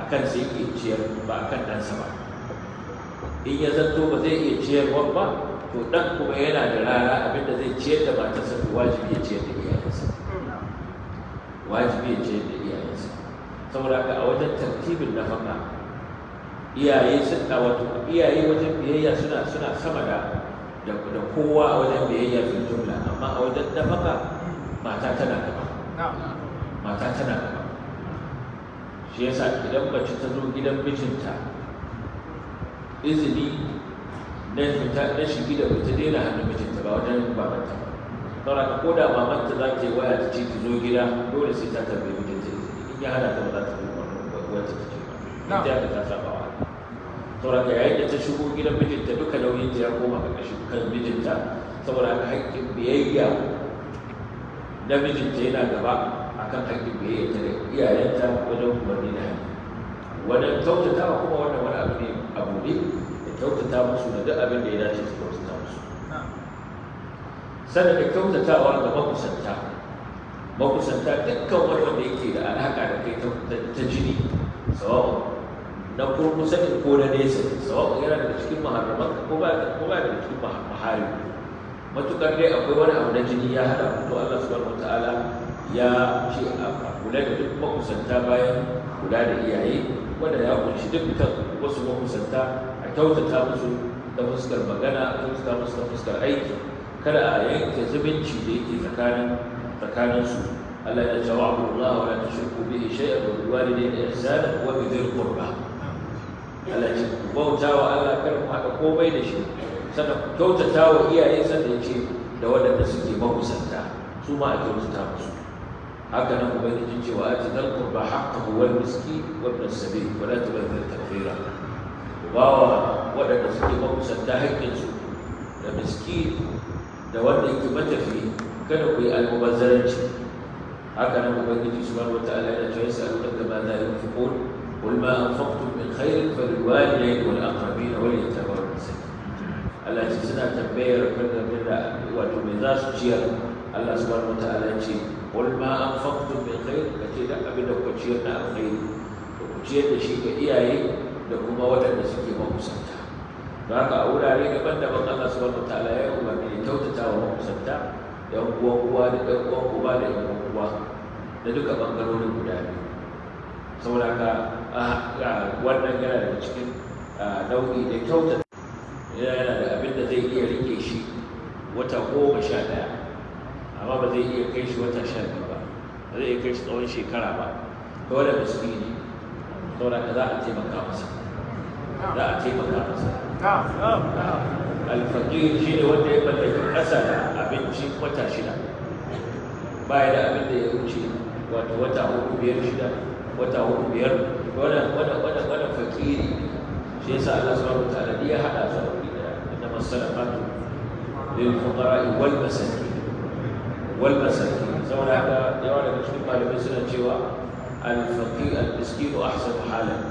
akan sai ke ciyar ba akan ɗansa ba in ya zanto ba zai iya ciyarwar ba to dan kuma yana da rara abinda zai ciyar da matarsa to wajibi ya ciyar da iyayensa wajibi ya ciyar da iyayensa saboda ka a wajen tartibin nafaka iyaye sun da wato iyaye wajen biyayya suna suna sama da da kowa a wajen biyayya sun jumla amma a wajen nafaka mata tana gaba mata tana gaba shi yasa idan mace ta zo gidan mijinta izini na fita na shigi da fita daina hannun mijinta ba wajen babanta ba saboda ka koda babanta za ta yi waya ta ce ki zo gida dole sai ta tambayi ta in ya hana ta ba za ta yi wajen ta ce ba ita da ta saba wa saboda ka yayin da ta shigo gidan mijinta duka nauyin ta ya koma ga ƙarshen kan mijinta saboda haka haƙƙin biyayya na mijinta yana gaba akan haƙƙin biyayya ta da iyayenta wajen umarni na hanyar wannan kyautatawa kuma wannan wani abu ne aure da kyautata musu da duk abin da ya dace su kyautata musu sannan da kyautatawa da makusanta makusanta dukkan wani wanda yake da alaka da kai ta jini sawa'un na kurkusa ko na nesa sawa'un yana daga cikin maharaman ko ba ko ba daga cikin mahari matukar dai akwai wani abu na jini ya hada to Allah subhanahu wataala ya ce a kula da duk makusanta bayan kula da iyaye wanda ya kunshi dukkan wasu makusanta a kyautata musu ta fuskar magana a kyautata musu ta fuskar aiki kada a yanke zumunci da yake tsakanin tsakaninsu Allah ya ce wa'budu Allah wa la tushriku bihi shay'an wa bil walidayni ihsana wa bi dhil qurba Allah ya ce bauta wa Allah kar mu haɗa komai da shi sannan kyautata wa iyaye sannan ya ce da waɗanda suke makusanta su ma a kyautata musu haka nan ubangiji cewa ati dal qurba haqqahu miski miskin wal sabil wa la tubadhir tabdhira bawa waɗanda suke makusanta haƙƙin su da miski da wanda yake matafi kada ku yi almubazzaranci haka nan ubangiji subhanahu wataala yana cewa ba ka ma la yunfiqun qul ma anfaqtum min khairin falilwalidayni wal wani wal yatama wal masakin Allah ce suna tambayar kan da wato me za su ciyar Allah subhanahu wataala ya ce qul ma anfaqtum min khair kace da abin da kuka ciyar da alkhairi to ku ciyar da shi ga iyaye da kuma waɗanda suke makusanta don haka a wurare daban-daban Allah subhanahu wataala ya umarni ya kyautata wa makusanta yan uwan uwa da yan uwan uba da yan uwan uwa da duka bangarorin guda biyu saboda haka wannan yana daga cikin nau'i da kyautata yana da abin da zai iya rike shi wata goma sha ɗaya amma ba zai iya kai shi wata sha biyu ba ba zai iya kai shi tsawon shekara ba dole musulmi ne saboda ka za a taimaka masa za a taimaka masa alfaƙir shi ne wanda ya mallaki ƙasa da abinci wata shida baya da abin da ya wuce wata wata uku biyar shida wata uku biyar wannan wannan wannan fakiri shi yasa Allah subhanahu wa ta'ala ya hada su da masalatu lil fuqara wal masakin wal asad saboda haka yawa daga cikin malamai suna cewa al-faqir al-miskinu ahsan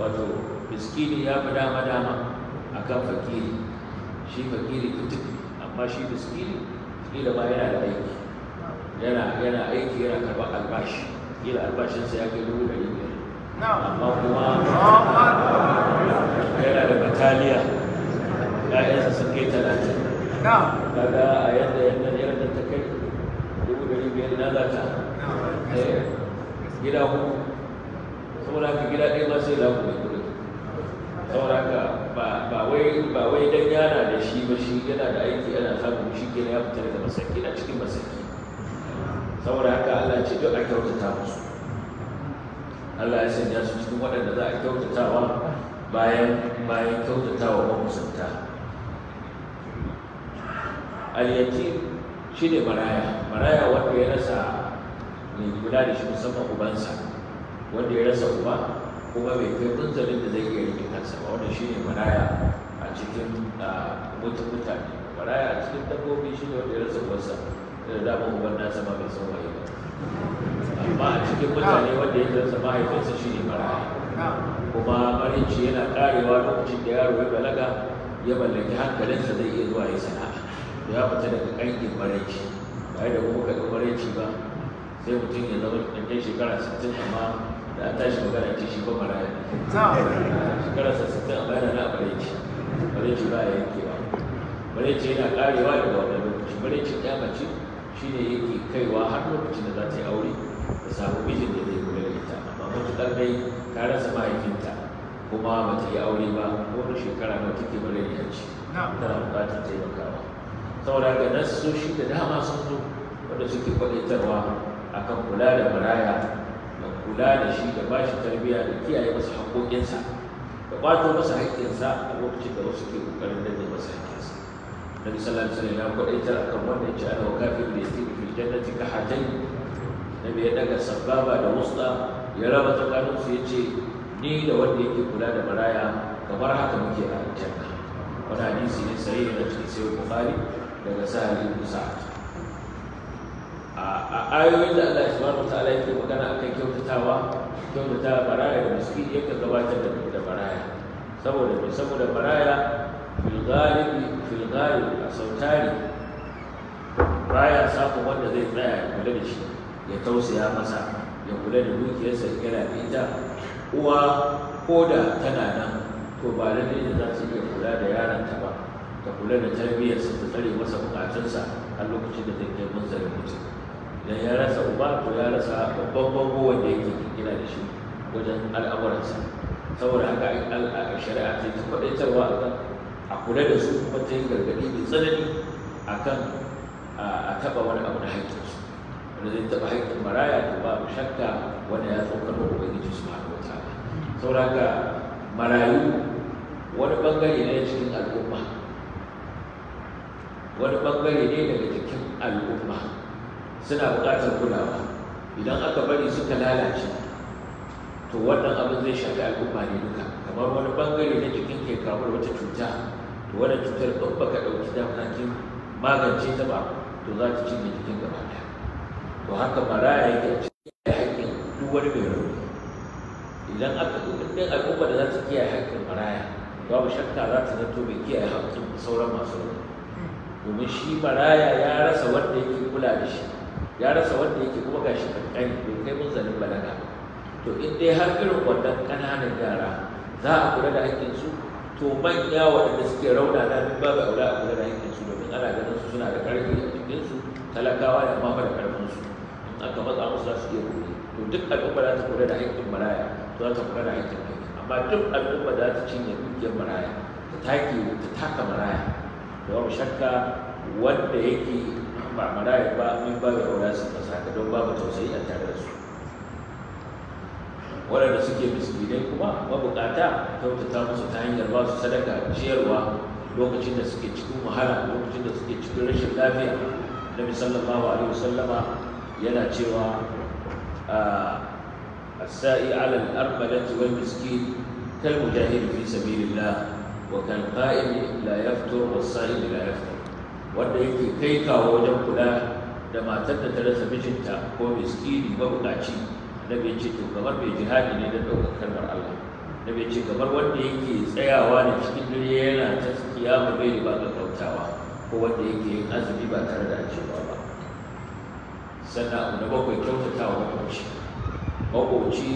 wato miskini ya fi dama dama akan fakiri shi fakiri kutuk amma shi miskini kila ma yana da aiki yana aiki yana karɓar albashi kila albashinsa ya kai dubu ɗari biyar amma kuma yana da bataliya ya'yansa sun kai talatin gari na zata gida ku saboda haka gida ɗaya ma sai lagu mai kudin saboda haka ba wai ba wai dan yana da shi ba shi yana da aiki yana samu shi kenan ya fitar da masaki a cikin masaki saboda haka Allah ce duk a kyautata musu Allah ya sanya su cikin waɗanda za a kyautatawa bayan bayan kyautatawa ba musanta al-yatim shi ne maraya maraya wanda ya rasa mai kula da shi musamman ubansa wanda ya rasa uba kuma bai kai munzalin da zai iya rike kansa ba wannan shi ne maraya a cikin mutum mutane maraya a cikin dabbobi shi ne wanda ya rasa ubansa da eh, dama uban nasa ma bai san waye ba amma a cikin mutane wanda ya rasa mahaifinsa shi ne maraya kuma marinci yana karewa lokacin da yaro ya balaga ya mallaki hankalinsa zai iya zuwa ya sana'a ya fita daga ƙangin maraici ba da kuma kaga maraici ba sai mutum ya zama ɗanɗan shekara 60 amma da an tashi magana ce shi ba maraya shekara 60 amma yana na maraici maraici ba ya yanke ba maraici yana ƙarewa da wannan lokaci maraici ya mace shi ne yake kaiwa har lokacin da za ta yi aure da samu mijin da zai kula da ita amma matuƙar dai ta rasa mahaifinta kuma ba ta yi aure ba ko wani shekara nawa take maraici tana buƙatar taimakawa saboda ga nassoshi da dama sun zo wanda suke kwadaitarwa kan kula da maraya da kula da shi da ba shi tarbiyya da kiyaye masa haƙoƙinsa da ƙwato masa haƙƙinsa a lokacin da wasu ke ƙoƙarin danne masa haƙƙinsa da sallallahu alaihi ya kwadaitar akan wannan ci ana wakafin da ce mafi jannati ka hajjai na mai daga sababa da wusta ya raba tsakanin su ya ce ni da wanda yake kula da maraya kamar haka muke a aljanna wani hadisi ne sai yana cikin sai bukhari daga sa'ad ibn sa'ad a ayoyin da Allah subhanahu wa ta'ala yake magana akan kyautatawa kyautata baraya da miski yake gabatar da baraya saboda mai saboda baraya fil ghalibi fil a sautari baraya sako wanda zai tsaya ya kula da shi ya tausaya masa ya kula da dukiyarsa ya kira da ita uwa ko da tana nan to ba lalle da za su iya kula da yaron ta ba ta kula da jarbiyarsa ta tsare masa bukatunsa har lokacin da ke kai munzarin mutu idan ya rasa uba to ya rasa babban bango wanda yake kira da shi wajen al'amuransa saboda haka a shari'a ce ta kwadaitarwa a kan a kula da su kuma ta yi gargaɗi mai tsanani a kan a taɓa wani abu da haƙƙinsu wanda zai taɓa haƙƙin maraya to babu shakka wanda ya tsokar wa ubangiji su ma wa ta'ala saboda haka marayu wani bangare ne cikin al'umma wani bangare ne daga jikin al'umma suna buƙatar kulawa idan aka bari suka lalace to wannan abin zai shafi al'umma ne duka kamar wani bangare na jikin ke kamar wata cuta to wannan cutar ɗin baka ɗauki damakin magance ta ba to za ta cinye jikin gaba ɗaya to haka maraya yake cinye haƙƙin duk wani mai rauni idan aka ɗin al'umma da za ta kiyaye haƙƙin maraya babu shakka za ta zato mai kiyaye haƙƙin sauran masu rauni domin shi maraya ya rasa wanda yake kula da shi ya rasa wanda yake kuma shi kankan bai kai zanin balaga to in dai har irin wannan ƙananan yara za a kula da haƙƙinsu to manya waɗanda suke rauna na duk ba ba a kula da haƙƙinsu domin ana ganin su suna da ƙarfi a su, talakawa da ma da ƙarfinsu in aka matsa musu za su iya kuri to duk al'umma za ta kula da haƙƙin maraya to za ta kula da hakkin kai amma duk al'umma za ta cinye dukiyar maraya ta take ta taka maraya da babu shakka wanda yake ba maraya ba mun ba ya aura su fasaka don babu tausayi a tare da su waɗanda suke miskinai kuma mabukata kyautata musu ta hanyar ba su sadaka ciyarwa lokacin da suke cikin wahala lokacin da suke cikin rashin lafiya nabi sallallahu alaihi wasallama yana cewa السائي على الأرملة والمسكين كالمجاهد في سبيل الله wa kan qa'im la yaftur wa sa'im la yaftur wanda yake kai kawo wajen kula da matar da ta rasa mijinta ko miskini mabukaci da ya ce to kamar mai jihadi ne da ɗaukar kalmar Allah Na bai ce kamar wanda yake tsayawa da cikin dare yana ta ba bai ba ga kautawa ko wanda yake yin azumi ba tare da cewa ba sannan abu na bakwai kyautata wa makwabci makwabci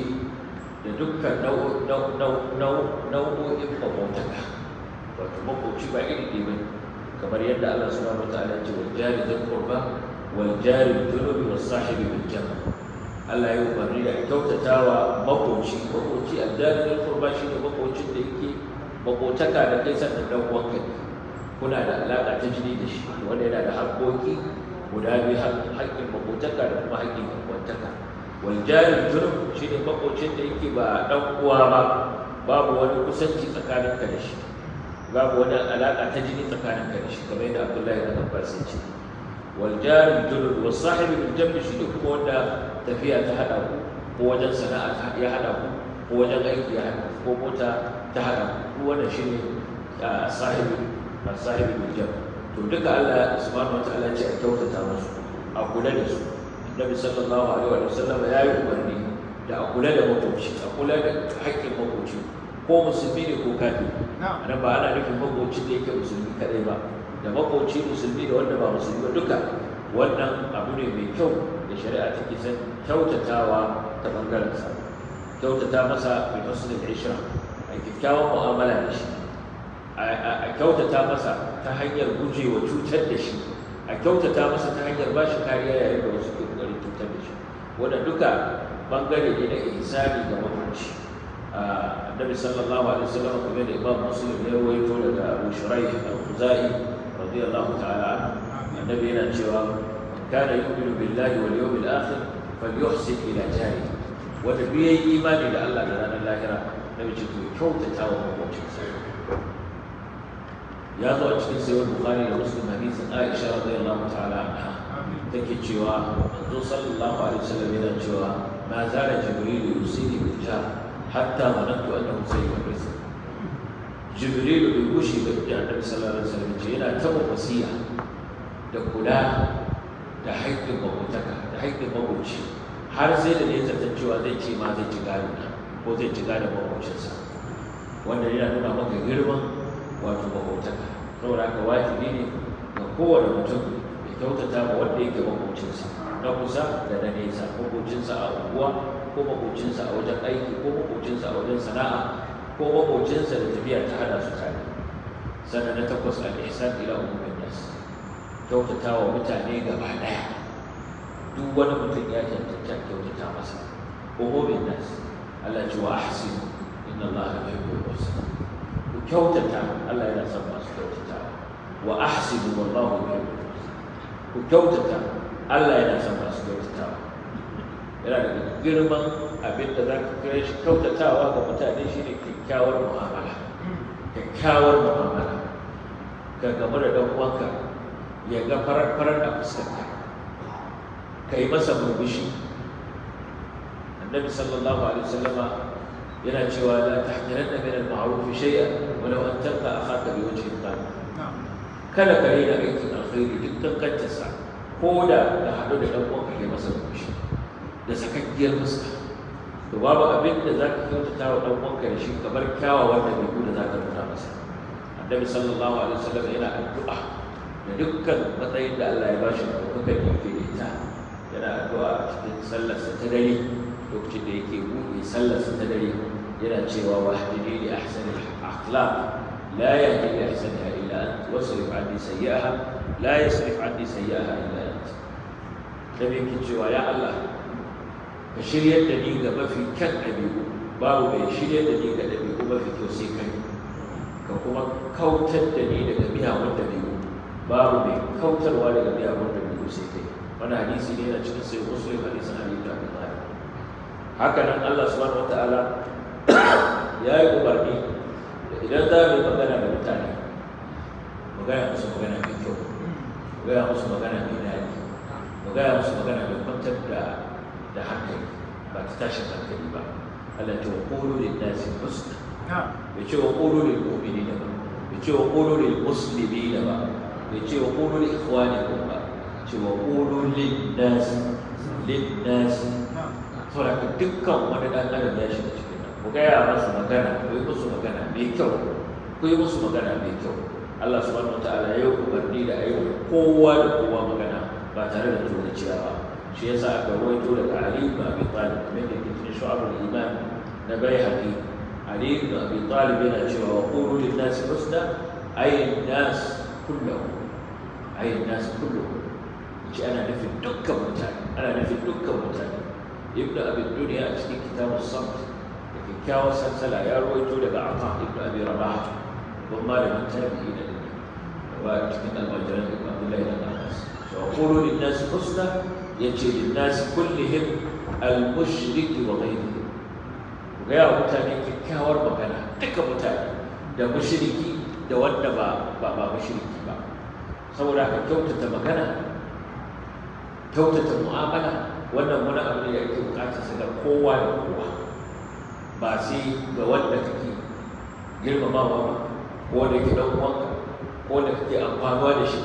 da dukkan nau'o'in makwabtaka wato makoci ba iri ɗaya bane kamar yadda Allah suna wataala ya ce wal jari dhil kurba wal jari dhunubi was sahibi bin jama Allah ya umarni da kyautatawa makoci makoci addani kurba shi ne makocin da yake makotaka da kai sannan dan uwanka kuna da alaƙa ta jini da shi wanda yana da haƙƙoƙi guda biyu haƙƙin makotaka da kuma haƙƙin makwantaka wal jari shi ne makocin da yake ba dan uwa ba babu wani kusanci tsakaninka da shi babu wani alaƙa ta jini tsakanin ka da shi kamar yadda Abdullahi da Abbas ya ce wal jari dulul wa sahibi bil jambi shi ko wanda tafiya ta hada ku ko wajen sana'a ya hada ku ko wajen aiki ya hada ku ko mota ta hada ku ko wanda shi ne sahibi sahibi bil jambi to duka Allah subhanahu wa ta'ala ya ce a kyautata musu a kula da su Annabi sallallahu alaihi wa sallam ya yi umarni da a kula da makoci a kula da haƙƙin makoci ko musulmi ne ko kafi na ba ana nufin makoci da yake musulmi kadai ba da makoci musulmi da wanda ba musulmi ba duka wannan abu ne mai kyau da shari'a take san kyautatawa ta bangaren sa kyautata masa bi husnul shan. a kyakkyawan mu'amala da shi a kyautata masa ta hanyar gujewa cutar da shi a kyautata masa ta hanyar ba shi kariya yayin da wasu ke kokarin cutar da shi wanda duka bangare ne na ihsani ga mamanci annabi sallallahu alaihi wasallam kamar da imam muslim ya rawaito daga abu shuraih al-khuzai radiyallahu ta'ala annabi yana cewa kana yu'minu billahi wal yawmil akhir falyuhsin ila jari wanda biye imani da Allah da ranar lahira nabi ce to kyautata wa makwabcinsa ya zo a cikin sayar bukhari da muslim hadisin aisha radiyallahu ta'ala anha take cewa manzo sallallahu alaihi wasallam yana cewa ma zara jibril hatta zanantu annahu sayyidun rasul jibril bai gushe ba da annabi sallallahu alaihi wasallam ce yana taba wasiya da kula da haƙƙin magotaka da haƙƙin magoci har sai da ne zaton cewa zai ce ma zai ci gado na ko zai ci gado magocinsa wanda yana nuna maka girma, wato magotaka saboda haka wajibi ne ga kowane mutum ya kyautata ma wanda yake na kusa da na nesa magocinsa a unguwa ko makocinsa a wajen aiki ko makocinsa a wajen sana'a ko makocinsa da tafiya ta hada su tare sannan na takwas al-ihsan ila umumin nas kyautata wa mutane gaba daya duk wani mutum ya cancanta kyautata masa umumin nas Allah ce wa ahsin inna Allah la yi al ku kyautata Allah yana son masu kyautata wa ahsin wallahu yuhibbu al-muhsinin ku kyautata Allah yana son yana da girman abin da za ka kira shi kyautatawa ga mutane shi ne kyakkyawar mu'amala kyakkyawar mu'amala ka gamu da ɗan uwanka ya ga farar farar a fuskarka ka yi masa murmushi annabi sallallahu alaihi wasallama yana cewa la tahqiranna min al-ma'ruf shay'an walau an talqa akhaka bi wajhin ba. kada ka rena aikin alkhairi duk sa, ko da ka haɗu da ɗan uwanka ya masa murmushi da sakakkiyar fuska to babu abin da za kyautata wa ɗan uwanka da shi kamar kyawa ɗabi'u da za zaka nuna masa annabi sallallahu alaihi wasallam yana addu'a da dukkan matsayin da Allah ya ba shi da kuka kyafe da ita yana addu'a a cikin sallarsa ta dare lokacin da yake buɗe sallarsa ta dare yana cewa wahdini li ahsani akhlaq لا يهدي لأحسنها إلا أنت واصرف عني سيئها لا يصرف عني سيئها إلا أنت نبي cewa ya Allah. ka shiryar da ni ga mafi kyan ɗabi'u babu mai shiryar da ni ga ɗabi'u mafi kyau sai kai ka kuma kautar da ni daga miyagun ɗabi'u babu mai kautarwa daga miyagun ɗabi'u sai kai wani hadisi ne yana cikin sai muslim hadisin hadisi da abu haka nan allah subhanahu wataala ya yi umarni da idan za mu yi magana da mutane magana musu magana mai kyau magana musu magana mai daɗi magana musu magana mai kwantar da da haka ba ta tashi hankali ba Allah ta wa qulu lin nasi ya ce wa qulu ƙobini da ba ya ce wa qulu musulmi da ba ya ce wa qulu li ikhwanikum ba ce wa qulu lin nasi lin nasi saboda dukkan wani dan da ya shiga cikin nan ku gaya masu magana ku yi musu magana mai kyau ku yi musu magana mai kyau Allah subhanahu wataala ya yi umarni da ayyuka kowa da kowa magana ba tare da tunanciya ba shi yasa aka rawaito daga Ali ibn Abi Talib kamar da ke cikin shu'abul iman na Baihaqi Ali ibn Abi Talib yana cewa wa qulu lin nas husna ay nas kulluhum ay nas kulluhum shi ana nufin dukkan mutane ana nufin dukkan mutane ibn Abi Dunya a cikin kitabus samt da kyakkyawar sansala ya rawaito daga Ata ibn Abi Rabah babban malamin tabi'i da wa cikin almajiran ibn Abdullah ibn Abbas wa qulu lin nas husna yace linnas kullihim al-mushrik wa ghayrihi ga ya mutane kyakkyawar magana duka mutane da mushriki da wanda ba ba ba mushriki ba saboda ka kyautata magana kyautata mu'amala wannan wani abu ne da yake bukatar sa ga kowa da kowa ba sai ga wanda kake girmamawa ba ko da yake dan uwanka ko da kake amfanuwa da shi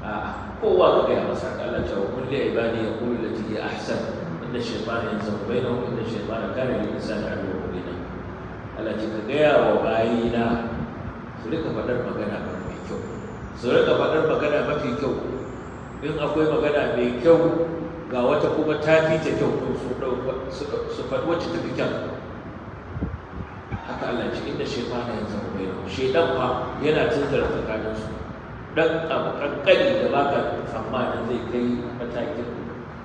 a'a kowa ka gaya masa kalla ta wa kulli ibadi yaqulu lati hiya ahsan inna inda yanzahu ya kare shaytana kana lil insani aduwwan mubina Allah ce ka gaya wa na su rika faɗar magana mai kyau su rika faɗar magana mafi kyau in akwai magana mai kyau ga wata kuma ta fi ta kyau su faɗi wacce ta fi kyau haka Allah inda shaitan ya zama bai shaitan fa yana tunzara tsakaninsu dan abu kankani da ka tsammanin zai kai matakin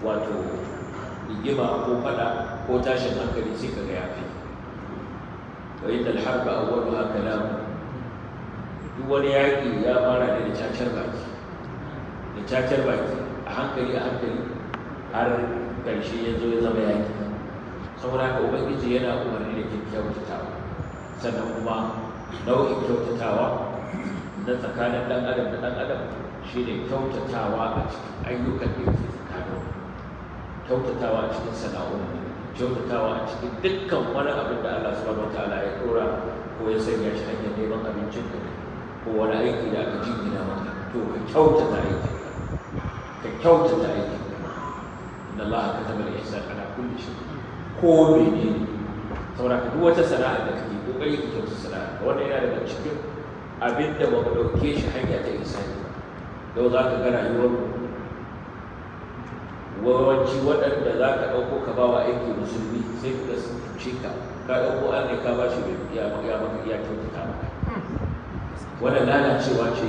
wato rigima ko fada ko tashin hankali sai ka ga ya kai to inda alharba awwalu kalam duk wani yaƙi ya fara da cacar baki da cacar baki a hankali a hankali har ƙarshe ya zo ya zama yaƙi. saboda haka ubangiji yana umarni da kyakkyawan kyautatawa sannan kuma nau'in kyautatawa na tsakanin ɗan adam da ɗan adam shi ne kyautatawa a cikin ayyukan da yake tsakanin kyautatawa a cikin sana'o'i kyautatawa a cikin dukkan wani abin da Allah subhanahu ta'ala ya dora ko ya sanya shi hanyar neman abincin ka ko wani aiki da aka jingina maka to ka kyautata aiki ka kyautata aiki inna Allah ka zama da ihsan ala kulli shi, ko menene saboda duk wata sana'a da kake kokari ka kyautata sana'a wannan yana daga cikin abinda ba mu ɗauke shi hanya ta isani yau za ka yi wani wawanci waɗanda za ka ɗauko ka ba wa aiki musulmi sai ka cuce ka ka ɗauko an ne ka ba shi ya maka iya kyautata maka wannan lalacewa ce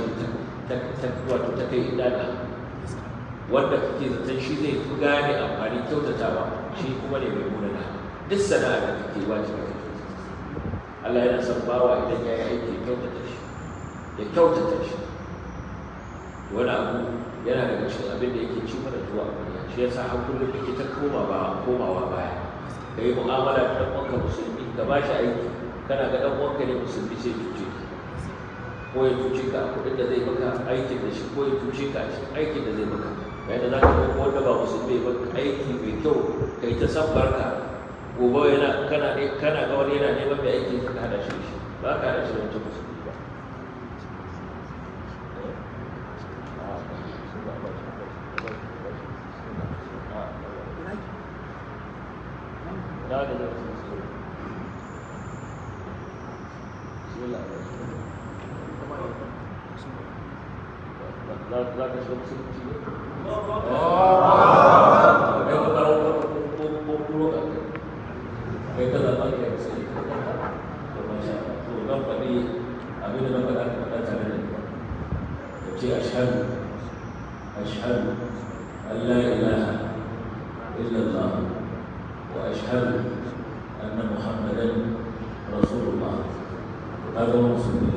ta wato ta kai idana wanda kake zaton shi zai fi gane amfani ba, shi kuma ne mai muna na duk sana'a da kake wajibi Allah yana son bawa idan ya yi aiki kyautata shi ya kyautata shi wani abu yana daga cikin abin da yake ci mara zuwa kwariya shi yasa har kullum yake ta komawa komawa baya ka yi mu'amala da ɗan musulmi da ba shi aiki kana ga ɗan ne musulmi sai cuce ko ya cuce ka a kuɗin da zai maka aikin da shi ko ya cuce ka a aikin da zai maka yayin da za ka ɗauko wanda ba musulmi ba aiki mai kyau ka yi ta sabbar ka gobe yana kana kana ga wani yana neman mai aiki ka hada shi ba ka hada shi wancan musulmi لا تدعو بسم الله لا لا تشرب أشهد أشهد أن لا إله إلا الله وأشهد أن محمدا رسول الله هذا هو مسلم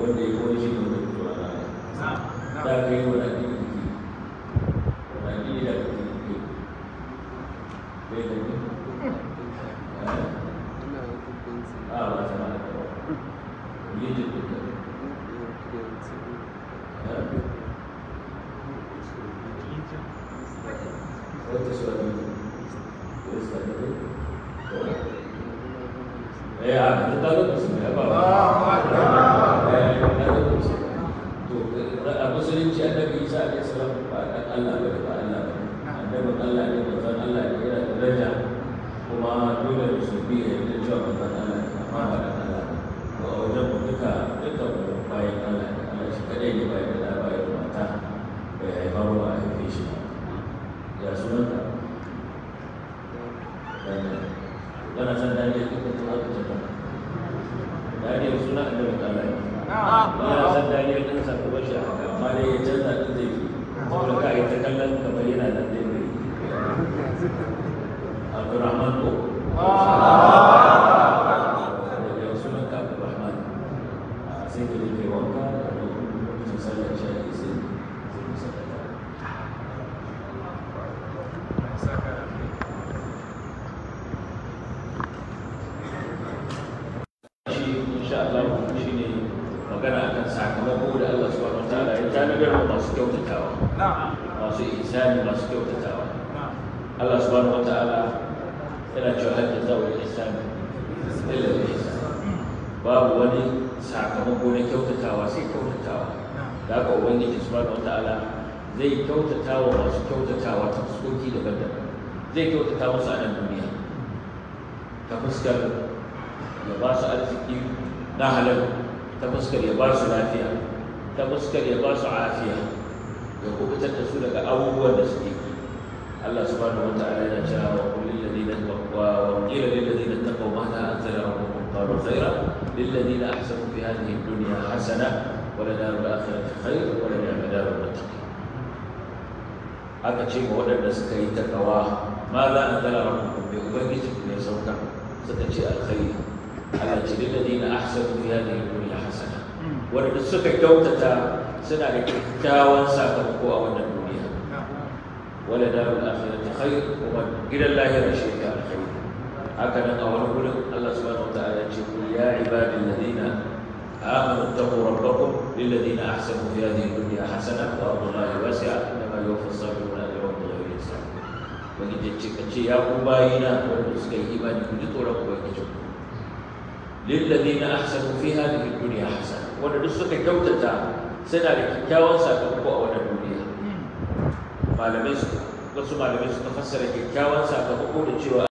wanda ya koyi shi ne da kuma da ka yi masu kyautatawa masu insani masu kyautatawa Allah subhanahu wa ta'ala yana cewa hajjar zawar insani illa da babu wani sakamako na kyautatawa sai kyautatawa da haka ubangiji subhanahu wa ta'ala zai kyautatawa masu kyautatawa ta fuskoki daban-daban zai kyautata musu a nan duniya ta fuskar ya ba su arziki na halal ta fuskar ya ba su lafiya ta fuskar ya ba su afiya ya kubutar da su daga abubuwan da suke Allah subhanahu wa ta'ala yana cewa wa kullu alladhina taqwa wa qila lil ladina taqaw ma la anzala rabbukum qalu khayra lil ladina ahsanu fi hadhihi ad-dunya hasana wa la daru al-akhirati khayr wa la ni'ma daru al-muttaqin aka ce ma waɗanda suka yi takawa ma za a zala rabbukum bi ubangiji ne sauka suka ce alkhairi Allah ce lil ladina ahsanu fi hadhihi ad-dunya hasana wanda suka kyautata suna da kyakkyawan sakamako a wannan duniya wala da al akhirati khair wa gidan lahira shi ka alkhair haka nan a wani gurin Allah subhanahu wa ta'ala ce ku ya ibadil ladina amanu taqu rabbakum lil ladina ahsanu fi hadhihi dunya hasana wa Allahu wasi'a inma yuwaffi as-sabiruna ajrahum bighayri hisab wani ce ka ce ya ku bayina wanda suka yi imani ku ji tsoron ubangiji lil ladina ahsanu fi hadhihi dunya hasana wanda duk suka kyautata suna da kyakkyawan sakamako a wannan duniya hmm. malamai su wasu malamai suka fassara kyakkyawan sakamako da cewa